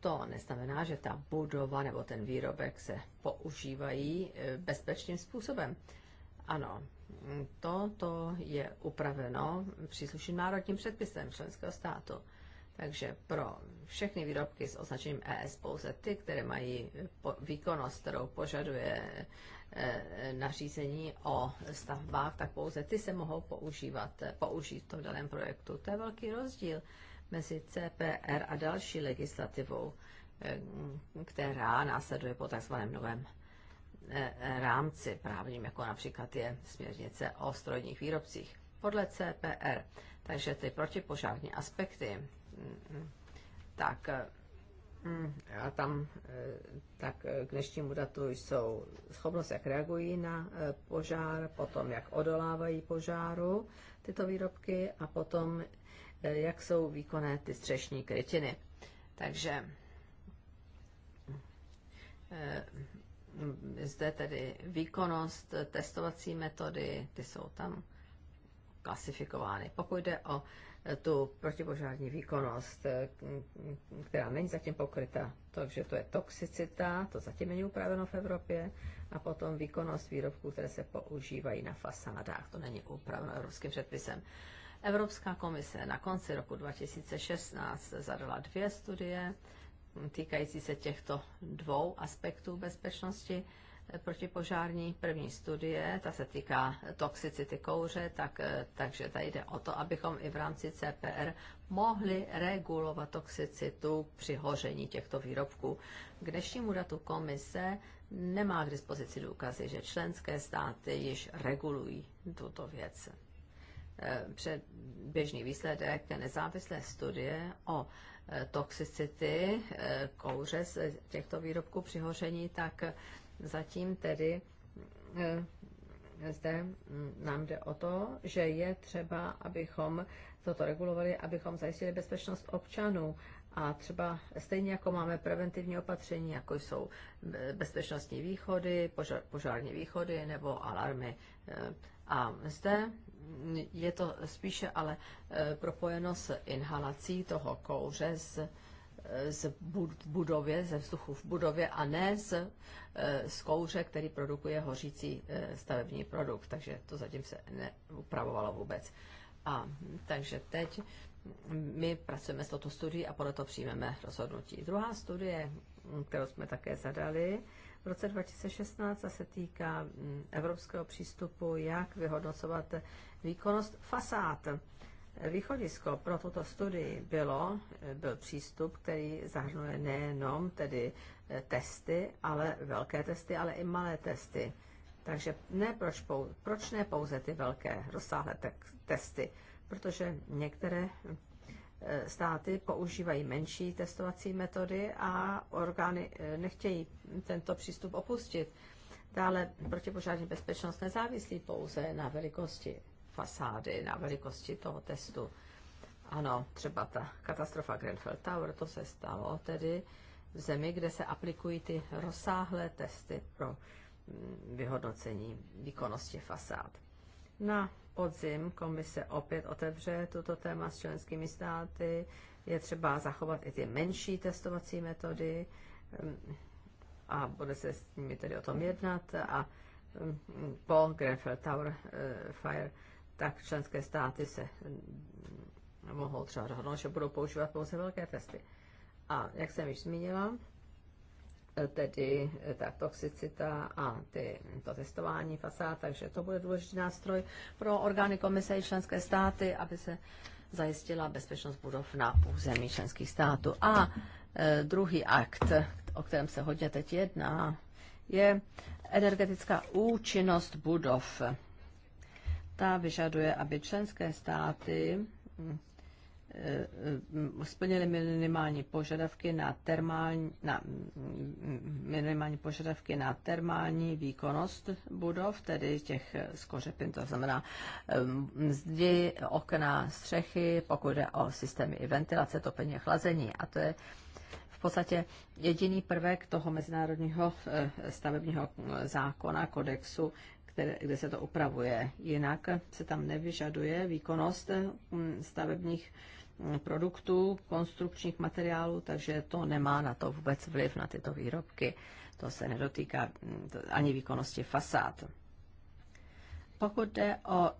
To neznamená, že ta budova nebo ten výrobek se používají e, bezpečným způsobem. Ano, toto je upraveno příslušným národním předpisem členského státu. Takže pro všechny výrobky s označením ES, pouze ty, které mají výkonnost, kterou požaduje e, nařízení o stavbách, tak pouze ty se mohou používat, použít v tom daném projektu. To je velký rozdíl mezi CPR a další legislativou, e, která následuje po tzv. novém e, rámci právním, jako například je směrnice o strojních výrobcích podle CPR. Takže ty protipožární aspekty mm, mm, tak eh, hm, a tam eh, tak eh, k dnešnímu datu jsou schopnost, jak reagují na požár, potom jak odolávají požáru tyto výrobky a potom jak jsou výkonné ty střešní krytiny. Takže hm, zde tedy výkonnost, testovací metody, ty jsou tam klasifikovány. Pokud jde o tu protipožární výkonnost, eh, která není zatím pokryta. Takže to je toxicita, to zatím není upraveno v Evropě, a potom výkonnost výrobků, které se používají na fasádách, to není upraveno evropským předpisem. Evropská komise na konci roku 2016 zadala dvě studie týkající se těchto dvou aspektů bezpečnosti protipožární první studie, ta se týká toxicity kouře, tak, eh, takže tady jde o to, abychom i v rámci CPR mohli regulovat toxicitu při hoření těchto výrobků. K dnešnímu datu komise nemá k dispozici důkazy, že členské státy již regulují tuto věc. Eh, běžný výsledek nezávislé studie o eh, toxicity kouře z těchto výrobků při hoření, tak Zatím tedy eh, zde hm, nám jde o to, že je třeba, abychom toto regulovali, abychom zajistili bezpečnost občanů. A třeba stejně jako máme preventivní opatření, jako jsou bezpečnostní východy, požární východy nebo alarmy. Eh, a zde je to spíše ale eh, propojeno s inhalací toho kouře s Eh, z budově, ze vzduchu v budově a ne z, eh, z kouře, který produkuje hořící eh, stavební produkt. Takže to zatím se neupravovalo vůbec. A hm, takže teď my pracujeme s touto studií a podle toho přijmeme rozhodnutí. Druhá studie, hm, kterou jsme také zadali v roce 2016, a se týká hm, evropského přístupu, jak vyhodnocovat výkonnost fasád Východisko pro tuto studii bylo, byl přístup, který zahrnuje nejenom tedy eh, testy, ale velké testy, ale i malé testy. Takže ne proč, pou, proč ne pouze ty velké rozsáhlé te- testy, protože některé eh, státy používají menší testovací metody a orgány eh, nechtějí tento přístup opustit. Dále protipožární bezpečnost nezávislí pouze na velikosti fasády, na velikosti toho testu. Ano, třeba ta katastrofa Grenfell Tower, to se stalo tedy v zemi, kde se aplikují ty rozsáhlé testy pro mm, vyhodnocení výkonnosti fasád. Na podzim komise opět otevře tuto téma s členskými státy. Je třeba zachovat i ty menší testovací metody mm, a bude se s nimi tedy o tom jednat. A mm, po Grenfell Tower eh, Fire tak členské státy se mm, mohou třeba rozhodnout, že budou používat pouze velké testy. A jak jsem již zmínila, tedy ta toxicita a ty, to testování fasád, takže to bude důležitý nástroj pro orgány komise i členské státy, aby se zajistila bezpečnost budov na území členských států. A e, druhý akt, o kterém se hodně teď jedná, je energetická účinnost budov ta vyžaduje, aby členské státy mm, e, e, splnili minimální požadavky na termální, na, mm, minimální požadavky na termální výkonnost budov, tedy těch skořepin, to znamená e, zdi, okna, střechy, pokud jde o systémy i ventilace, topení a chlazení. A to je v podstatě jediný prvek toho mezinárodního stavebního zákona, kodexu, které, kde se to upravuje. Jinak se tam nevyžaduje výkonnost mm, stavebních mm, produktů, konstrukčních materiálů, takže to nemá na to vůbec vliv na tyto výrobky. To se nedotýká mm, ani výkonnosti fasád. Pokud jde o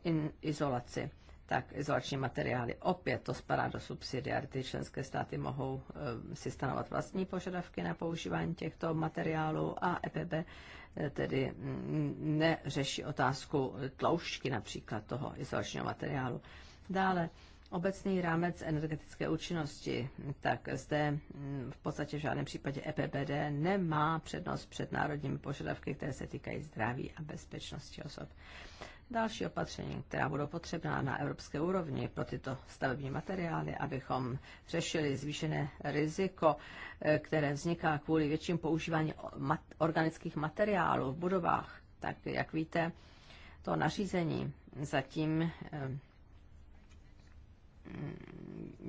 izolaci, tak izolační materiály. Opět to spadá do subsidiarity. Členské státy mohou e, si stanovat vlastní požadavky na používání těchto materiálů a EPB eh, tedy mm, neřeší otázku tloušťky například toho izolačního materiálu. Dále obecný rámec energetické účinnosti, tak zde mm, v podstatě v žádném případě EPBD nemá přednost před národními požadavky, které se týkají zdraví a bezpečnosti osob další opatření, která budou potřebná na evropské úrovni pro tyto stavební materiály, abychom řešili zvýšené riziko, eh, které vzniká kvůli větším používání organických materiálů v budovách. Tak jak víte, to nařízení zatím eh,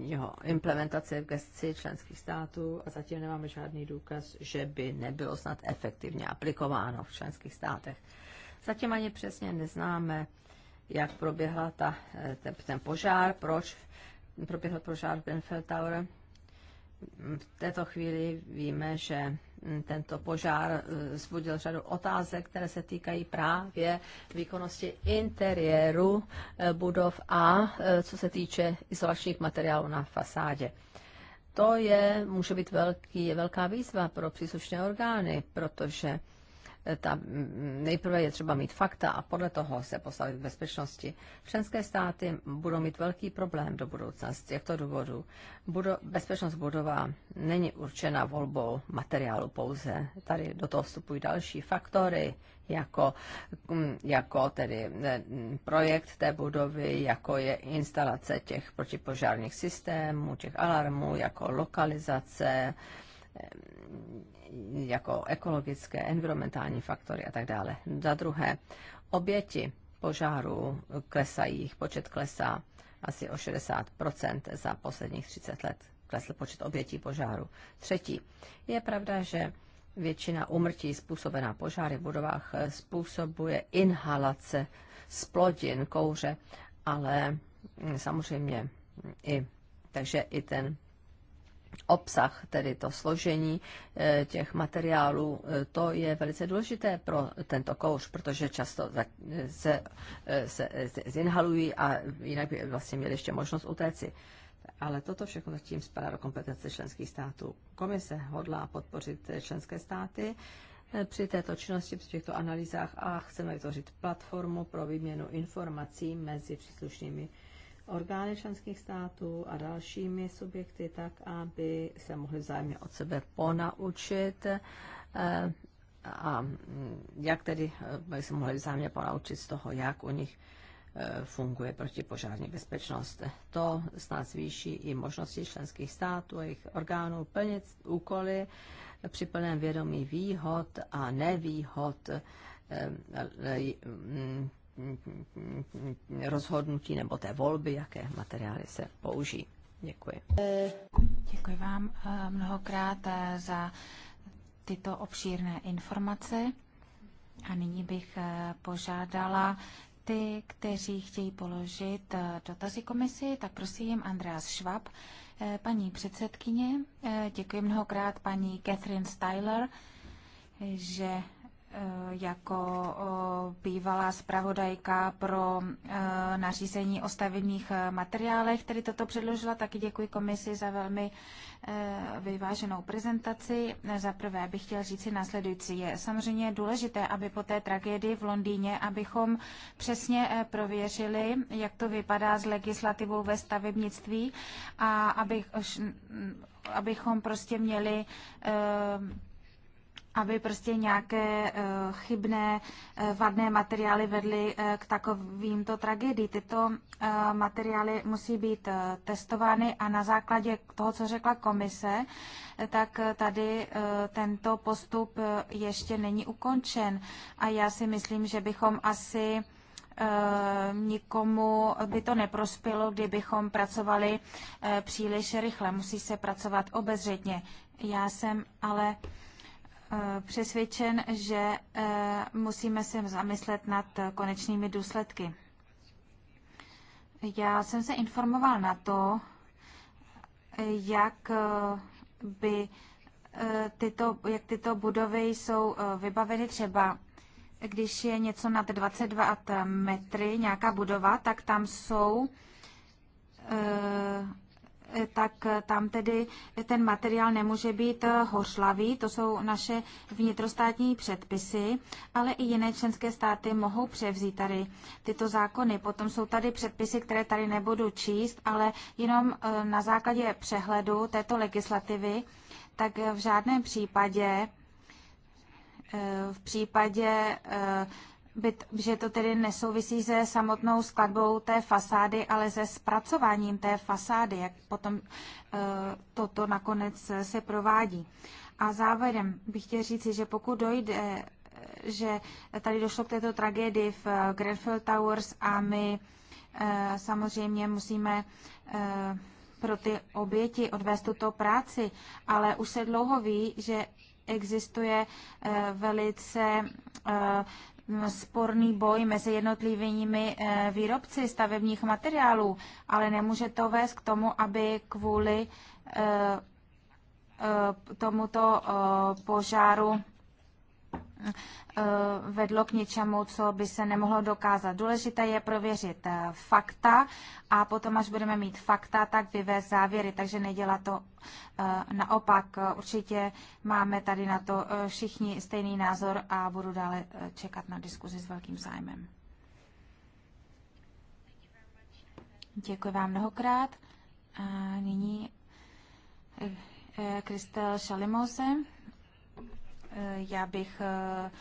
jeho implementace v gestci členských států a zatím nemáme žádný důkaz, že by nebylo snad efektivně aplikováno v členských státech. Zatím ani přesně neznáme, jak proběhla ta, ten, ten požár, proč proběhl požár Grenfell Tower. V této chvíli víme, že tento požár eh, vzbudil řadu otázek, které se týkají právě výkonnosti interiéru eh, budov a eh, co se týče izolačních materiálů na fasádě. To je, může být velký, velká výzva pro příslušné orgány, protože ta, mm, nejprve je třeba mít fakta a podle toho se postavit v bezpečnosti. Členské státy budou mít velký problém do budoucna z těchto důvodů. Budo, bezpečnost budova není určena volbou materiálu pouze. Tady do toho vstupují další faktory, jako, mm, jako tedy e, projekt té budovy, jako je instalace těch protipožárních systémů, těch alarmů, jako lokalizace, jako ekologické, environmentální faktory a tak dále. Za druhé, oběti požáru klesají, jejich počet klesá asi o 60 za posledních 30 let. Klesl počet obětí požáru. Třetí, je pravda, že většina umrtí způsobená požáry v budovách způsobuje inhalace splodin, kouře, ale samozřejmě i, takže i ten obsah, tedy to složení eh, těch materiálů, eh, to je velice důležité pro tento kouř, protože často se, eh, se, se zinhalují a jinak by vlastně měli ještě možnost utéci. Ale toto všechno zatím spadá do kompetence členských států. Komise hodlá podpořit členské státy při této činnosti, při těchto analýzách a chceme vytvořit platformu pro výměnu informací mezi příslušnými orgány členských států a dalšími subjekty, tak aby se mohli vzájemně od sebe ponaučit eh, a mm, jak tedy eh, by se mohli vzájemně ponaučit z toho, jak u nich eh, funguje protipožární bezpečnost. To snad zvýší i možnosti členských států a jejich orgánů plnit úkoly při plném vědomí výhod a nevýhod rozhodnutí nebo té volby, jaké materiály se použijí. Děkuji. Děkuji vám eh, mnohokrát eh, za tyto obšírné informace. A nyní bych eh, požádala ty, kteří chtějí položit dotazy komisi, tak prosím Andreas Schwab, paní předsedkyně. Děkuji mnohokrát paní Catherine Styler, že Eh, jako eh, bývalá zpravodajka pro eh, nařízení o stavebních materiálech, který toto předložila. Taky děkuji komisi za velmi vyváženou prezentaci. Za prvé bych chtěl říci následující. Je samozřejmě důležité, aby po té tragédii v Londýně, abychom přesně prověřili, jak to vypadá s legislativou ve stavebnictví a abych, abychom prostě měli aby prostě nějaké eh, chybné eh, vadné materiály vedly eh, k takovýmto tragédii, Tyto materiály musí být testovány a na základě toho, co řekla komise, tak tady tento postup ještě není ukončen. A já si myslím, že bychom asi nikomu by to neprospělo, kdybychom pracovali příliš rychle. Musí se pracovat obezřetně. Já jsem ale Eh, přesvědčen, že eh, musíme se zamyslet nad konečnými důsledky. Já jsem se informoval na to, jak eh, by tyto, jak tyto budovy jsou vybaveny třeba když je něco nad 22 metry, nějaká budova, tak tam jsou tak tam tedy ten materiál nemůže být eh, hořlavý, to jsou naše vnitrostátní předpisy, ale i jiné členské státy mohou převzít tady tyto zákony. Potom jsou tady předpisy, které tady nebudu číst, ale jenom eh, na základě přehledu této legislativy, tak v žádném případě eh, v případě byt, že to tedy nesouvisí se samotnou skladbou té fasády, ale se zpracováním té fasády, jak potom e, toto nakonec se provádí. A závěrem bych chtěl říci, že pokud dojde, e, že tady došlo k této tragédii v e, Grenfell Towers a my samozřejmě musíme pro ty oběti odvést tuto práci, ale už se dlouho ví, že existuje velice sporný boj mezi jednotlivými eh, výrobci stavebních materiálů, ale nemůže to vést k tomu, aby kvůli eh, eh, tomuto požáru Eh, vedlo k něčemu, co by se nemohlo dokázat. Důležité je prověřit eh, fakta a potom, až budeme mít fakta, tak vyvést závěry, takže nedělá to eh, naopak. Určitě máme tady na to všichni stejný názor a budu dále čekat na diskuzi s velkým zájmem. Děkuji vám mnohokrát. A nyní Kristel Šalimose. Já bych eh,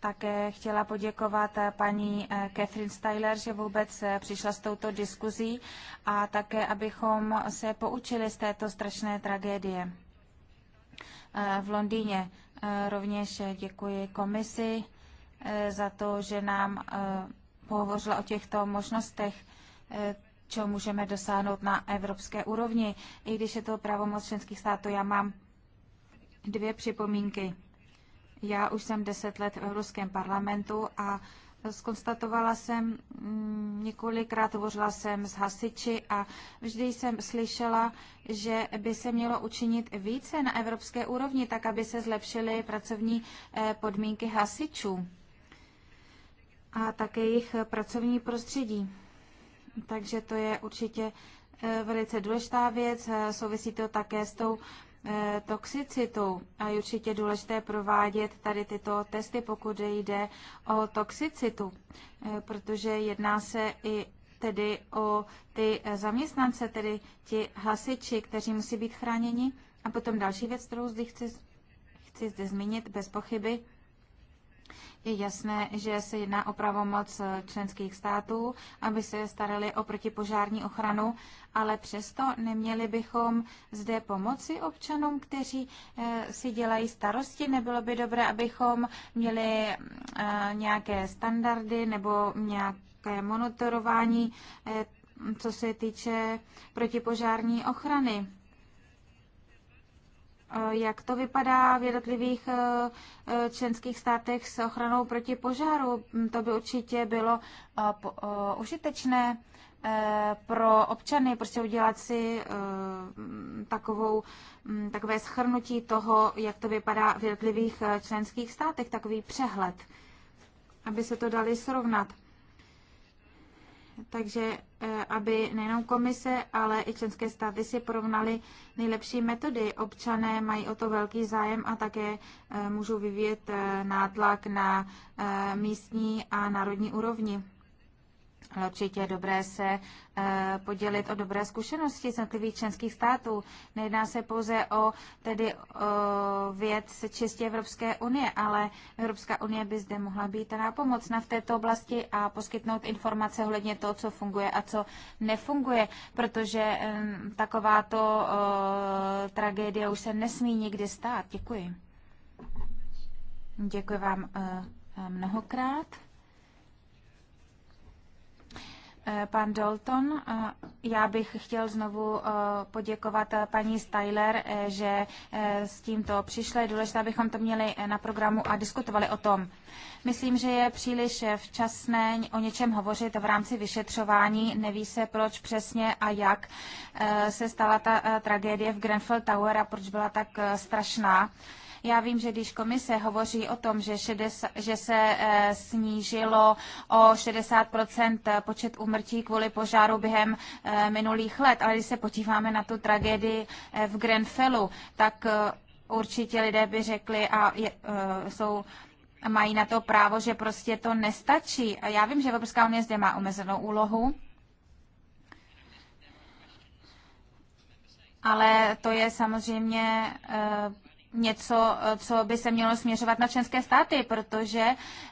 také chtěla poděkovat eh, paní eh, Catherine Styler, že vůbec přišla s touto diskuzí a také, abychom se poučili z této strašné tragédie v Londýně. Rovněž děkuji komisi za to, že nám pohovořila o těchto možnostech, čeho můžeme dosáhnout na evropské úrovni. I když je to pravomoc členských států, já mám Dvě připomínky. Já už jsem deset let v Evropském parlamentu a zkonstatovala jsem mm, několikrát, hovořila jsem s hasiči a vždy jsem slyšela, že by se mělo učinit více na evropské úrovni, tak aby se zlepšily pracovní eh, podmínky hasičů a také jejich pracovní prostředí. Takže to je určitě eh, velice důležitá věc. Souvisí to také s tou Eh, toxicitu a je určitě důležité provádět tady tyto testy, pokud jde o toxicitu, eh, protože jedná se i tedy o ty zaměstnance, tedy ti hasiči, kteří musí být chráněni. A potom další věc, kterou zde chci, chci zde zmínit, bez pochyby je jasné, že se jedná o pravomoc členských států, aby se starali o protipožární ochranu, ale přesto neměli bychom zde pomoci občanům, kteří eh, si dělají starosti. Nebylo by dobré, abychom měli eh, nějaké standardy nebo nějaké monitorování, eh, co se týče protipožární ochrany Eh, jak to vypadá v jednotlivých eh, eh, členských státech s ochranou proti požáru? Mm, to by určitě bylo užitečné pro občany, prostě udělat si takovou, mm, takové schrnutí toho, jak to vypadá v jednotlivých členských státech, takový přehled, aby se to dali srovnat takže eh, aby nejenom komise, ale i členské státy si porovnali nejlepší metody. Občané mají o to velký zájem a také eh, můžou vyvíjet eh, nátlak na místní a národní úrovni. Ale určitě je dobré se eh, podělit o dobré zkušenosti z jednotlivých členských států. Nejedná se pouze o tedy o věc čistě Evropské unie, ale Evropská unie by zde mohla být nápomocna v této oblasti a poskytnout informace ohledně toho, co funguje a co nefunguje, protože eh, takováto eh, tragédie už se nesmí nikdy stát. Děkuji. Děkuji vám mnohokrát. Eh, pan Dalton, eh, já bych chtěl znovu eh, poděkovat paní Styler, že s tímto přišla. Je důležité, abychom to měli na programu a diskutovali o tom. Myslím, že je příliš včasné o něčem hovořit v rámci vyšetřování. Neví se, proč přesně a jak se stala ta tragédie v Grenfell Tower a proč byla tak strašná já vím, že když komise hovoří o tom, že, šedes, že se eh, snížilo o 60 počet úmrtí kvůli požáru během eh, minulých let, ale když se podíváme na tu tragédii eh, v Grenfellu, tak určitě lidé by řekli a je, jsou mají na to právo, že prostě to nestačí. Já vím, že Evropská unie zde má omezenou úlohu, ale to je samozřejmě něco, co by se mělo směřovat na členské státy, protože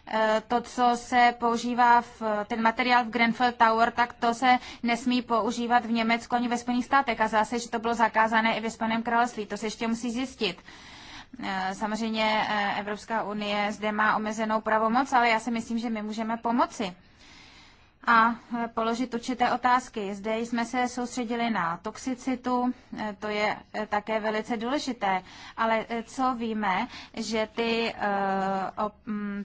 eh, to, co se používá v ten materiál v Grenfell Tower, tak to se nesmí používat v Německu ani ve Spojených státech a zase, že to bylo zakázané i ve Spojeném království. To se ještě musí zjistit. Eh, samozřejmě eh, Evropská unie zde má omezenou pravomoc, ale já si myslím, že my můžeme pomoci a položit určité otázky. Zde jsme se soustředili na toxicitu, e, to je e, také velice důležité, ale e, co víme, že ty,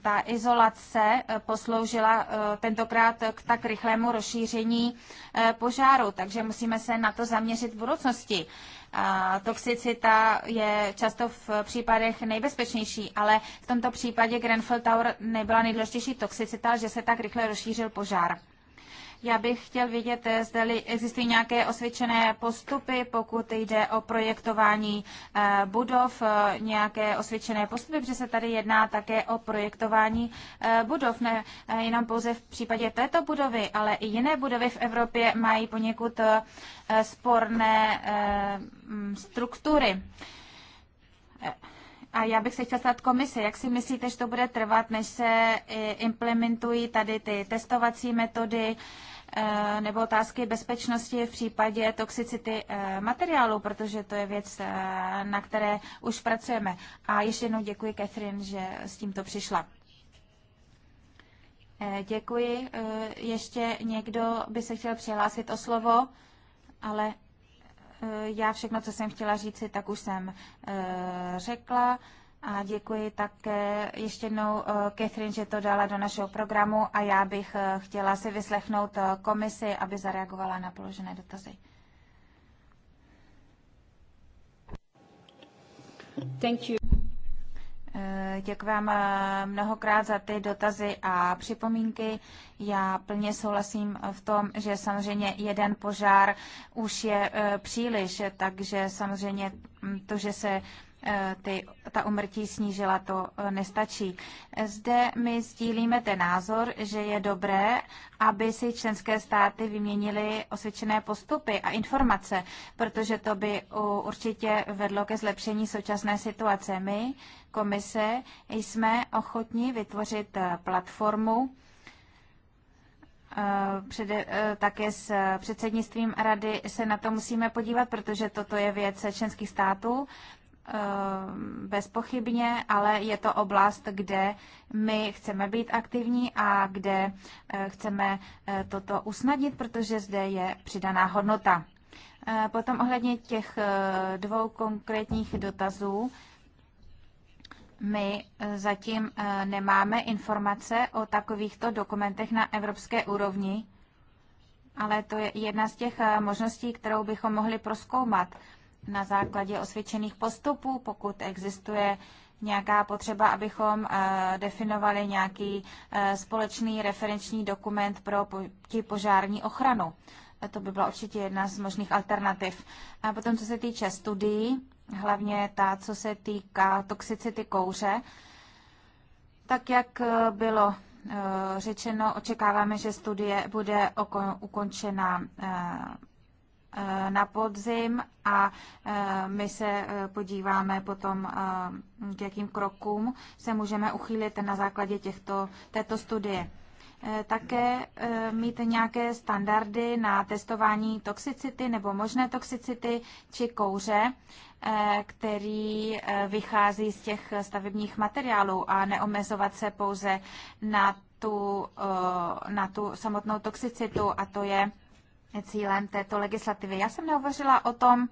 ta izolace posloužila tentokrát k tak rychlému rozšíření požáru, takže musíme se na to zaměřit v budoucnosti. A toxicita je často v případech nejbezpečnější, ale v tomto případě Grenfell Tower nebyla nejdůležitější toxicita, že se tak rychle rozšířil požár. Já bych chtěl vědět, eh, zda existují nějaké osvědčené postupy, pokud jde o projektování eh, budov, eh, nějaké osvědčené postupy, protože se tady jedná také o projektování budov. Ne jenom pouze v případě této budovy, ale i jiné budovy v Evropě mají poněkud sporné mm, struktury. A já bych se chtěl stát komise. Jak si myslíte, že to bude trvat, než se implementují tady ty testovací metody, Eh, nebo otázky bezpečnosti v případě toxicity eh, materiálu, protože to je věc, eh, na které už pracujeme. A ještě jednou děkuji Catherine, že s tímto přišla. Děkuji. Ještě někdo by se chtěl přihlásit o slovo, ale já všechno, co jsem chtěla říci, tak už jsem řekla. A děkuji také ještě jednou eh, Catherine, že to dala do našeho programu a já bych eh, chtěla si vyslechnout eh, komisi, aby zareagovala na položené dotazy. Thank you. Děkuji vám mnohokrát za ty dotazy a připomínky. Já plně souhlasím v tom, že samozřejmě jeden požár už je příliš, takže samozřejmě hm, to, že se Eh, ty, ta umrtí snížila, to eh, nestačí. Zde my sdílíme ten názor, že je dobré, aby si členské státy vyměnily osvědčené postupy a informace, protože to by eh, určitě vedlo ke zlepšení současné situace. My, komise, jsme ochotní vytvořit platformu, přede, také s předsednictvím rady se na to musíme podívat, protože toto je věc členských států Ehm, bezpochybně, ale je to oblast, kde my chceme být aktivní a kde eh, chceme eh, toto usnadnit, protože zde je přidaná hodnota. Eh, potom ohledně těch dvou konkrétních dotazů, my zatím nemáme informace o takovýchto dokumentech na evropské úrovni, ale to je jedna z těch možností, kterou bychom mohli proskoumat na základě osvědčených postupů, pokud existuje nějaká potřeba, abychom eh, definovali nějaký eh, společný referenční dokument pro požární ochranu. Eh, to by byla určitě jedna z možných alternativ. A potom, co se týče studií, hlavně ta, co se týká toxicity kouře, tak jak bylo řečeno, očekáváme, že studie bude ukončena Eh, na podzim a eh, my se eh, podíváme potom, k jakým krokům se můžeme uchýlit na základě těchto, této studie. Také mít nějaké standardy na testování toxicity nebo možné toxicity či kouře, který vychází z těch stavebních materiálů a neomezovat se pouze na tu, na tu samotnou toxicitu a to je cílem této legislativy. Já jsem nehovořila o tom,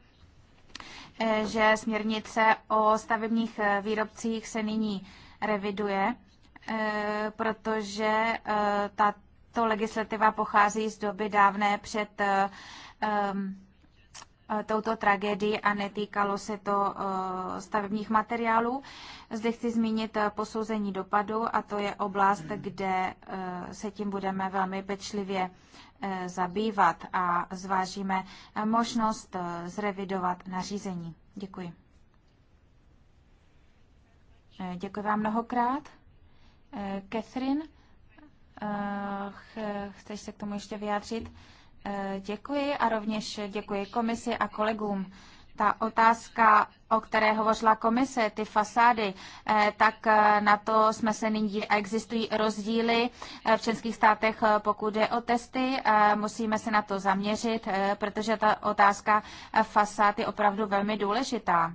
eh, že směrnice o stavebních eh, výrobcích se nyní reviduje, eh, protože tato legislativa pochází z doby dávné před touto tragédii a netýkalo se to stavebních materiálů. Zde chci zmínit posouzení dopadu a to je oblast, kde se tím budeme velmi pečlivě E, zabývat a zvážíme možnost e, zrevidovat nařízení. Děkuji. E, děkuji vám mnohokrát. Catherine, chceš se k tomu ještě vyjádřit? Děkuji a rovněž děkuji komisi a kolegům ta otázka, o které hovořila komise, ty fasády, eh, tak eh, na to jsme se nyní Existují rozdíly eh, v českých státech, pokud je o testy. Musíme se na to zaměřit, protože ta otázka fasád je opravdu velmi důležitá.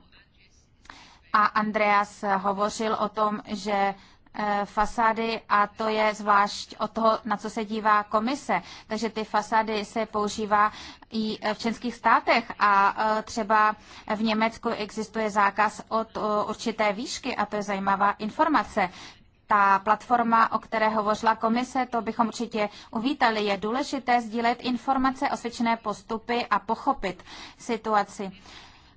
A Andreas hovořil o tom, že Eh, fasády a to je zvlášť od toho, na co se dívá komise. Takže ty fasády se používá i eh, v českých státech a eh, třeba v Německu existuje zákaz od určité výšky a to je zajímavá informace. Ta platforma, o které hovořila komise, to bychom určitě uvítali. Je důležité sdílet informace, osvědčené postupy a pochopit situaci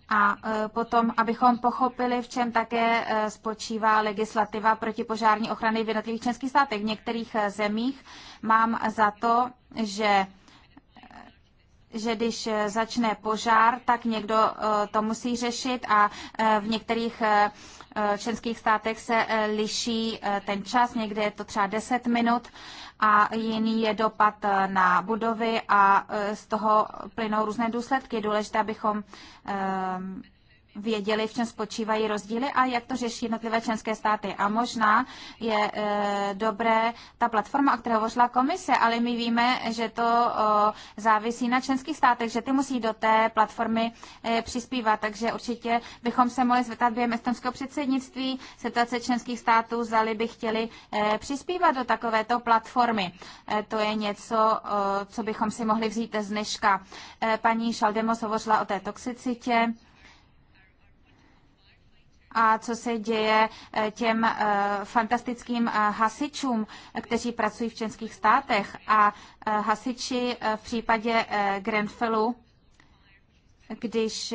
a e, potom, abychom pochopili, v čem také e, spočívá legislativa protipožární ochrany v jednotlivých členských státech. V některých e, zemích mám za to, že že když začne požár, tak někdo to musí řešit a v některých členských státech se liší ten čas, někde je to třeba 10 minut a jiný je dopad eh, na budovy a eh, z toho plynou různé důsledky. Důležité, abychom eh, věděli, v čem spočívají rozdíly a jak to řeší jednotlivé členské státy. A možná je e, dobré ta platforma, o které hovořila komise, ale my víme, že to o, závisí na členských státech, že ty musí do té platformy e, přispívat. Takže určitě bychom se mohli zvětat během estonského předsednictví, situace členských států, zali by chtěli e, přispívat do takovéto platformy. E, to je něco, o, co bychom si mohli vzít z dneška. E, paní Šaldemos hovořila o té toxicitě a co se děje eh, těm eh, fantastickým eh, hasičům, kteří pracují v českých státech. A hasiči v případě Grenfellu, když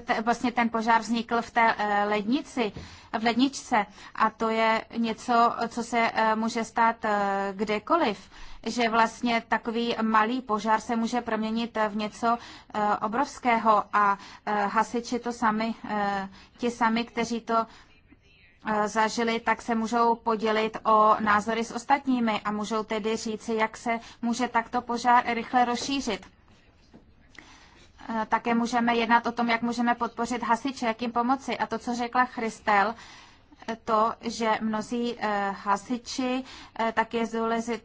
te, vlastně ten požár vznikl v té eh, lednici, v ledničce a to je něco, co se eh, může stát eh, kdekoliv, že vlastně takový malý požár se může proměnit v něco obrovského a hasiči to sami, ti sami, kteří to zažili, tak se můžou podělit o názory s ostatními a můžou tedy říci, jak se může takto požár rychle rozšířit. Eh, také můžeme jednat o tom, jak můžeme podpořit hasiče, jak jim pomoci. A to, co řekla Christel, eh, to, že mnozí eh, hasiči, tak je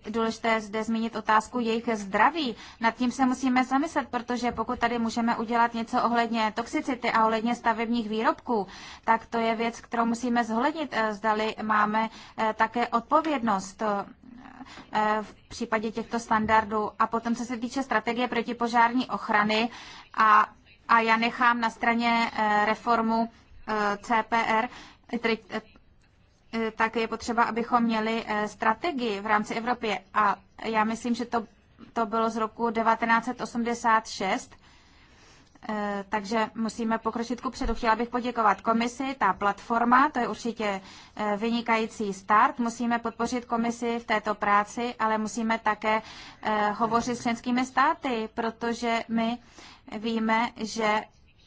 důležité zde zmínit otázku jejich zdraví. Nad tím se musíme zamyslet, protože pokud tady můžeme udělat něco ohledně toxicity a ohledně stavebních výrobků, tak to je věc, kterou musíme zohlednit, zdali máme také odpovědnost Eh, v případě těchto standardů. A potom, co se týče strategie protipožární ochrany, a, a já nechám na straně eh, reformu eh, CPR, tedy, tak je potřeba, abychom měli strategii v rámci Evropy. A já myslím, že to, to bylo z roku 1986 Eh, takže musíme pokročit ku předu. Chtěla bych poděkovat komisi, ta platforma, to je určitě eh, vynikající start. Musíme podpořit komisi v této práci, ale musíme také eh, hovořit s členskými státy, protože my víme, že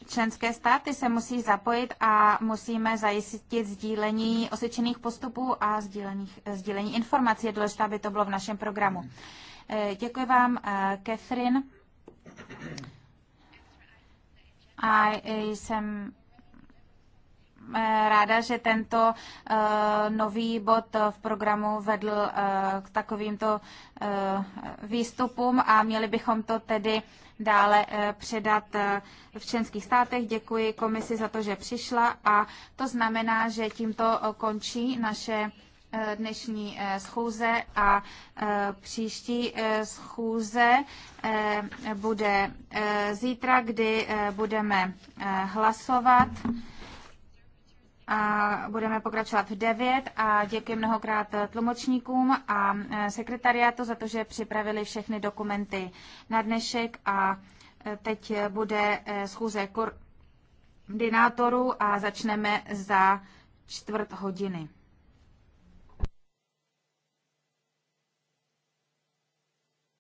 členské státy se musí zapojit a musíme zajistit sdílení osvědčených postupů a sdílení informací. Je důležité, aby to bylo v našem programu. Děkuji vám, Catherine a jsem eh, ráda, že tento eh, nový bod v programu vedl eh, k takovýmto výstupům a měli bychom to tedy dále předat v členských státech. Děkuji komisi za to, že přišla a to znamená, že tímto končí naše Eh, dnešní eh, schůze a eh, příští schůze bude zítra, kdy budeme hlasovat a budeme pokračovat v 9 a děkuji mnohokrát tlumočníkům a sekretariátu za to, že připravili všechny dokumenty na dnešek a teď bude schůze koordinátorů a začneme za čtvrt hodiny.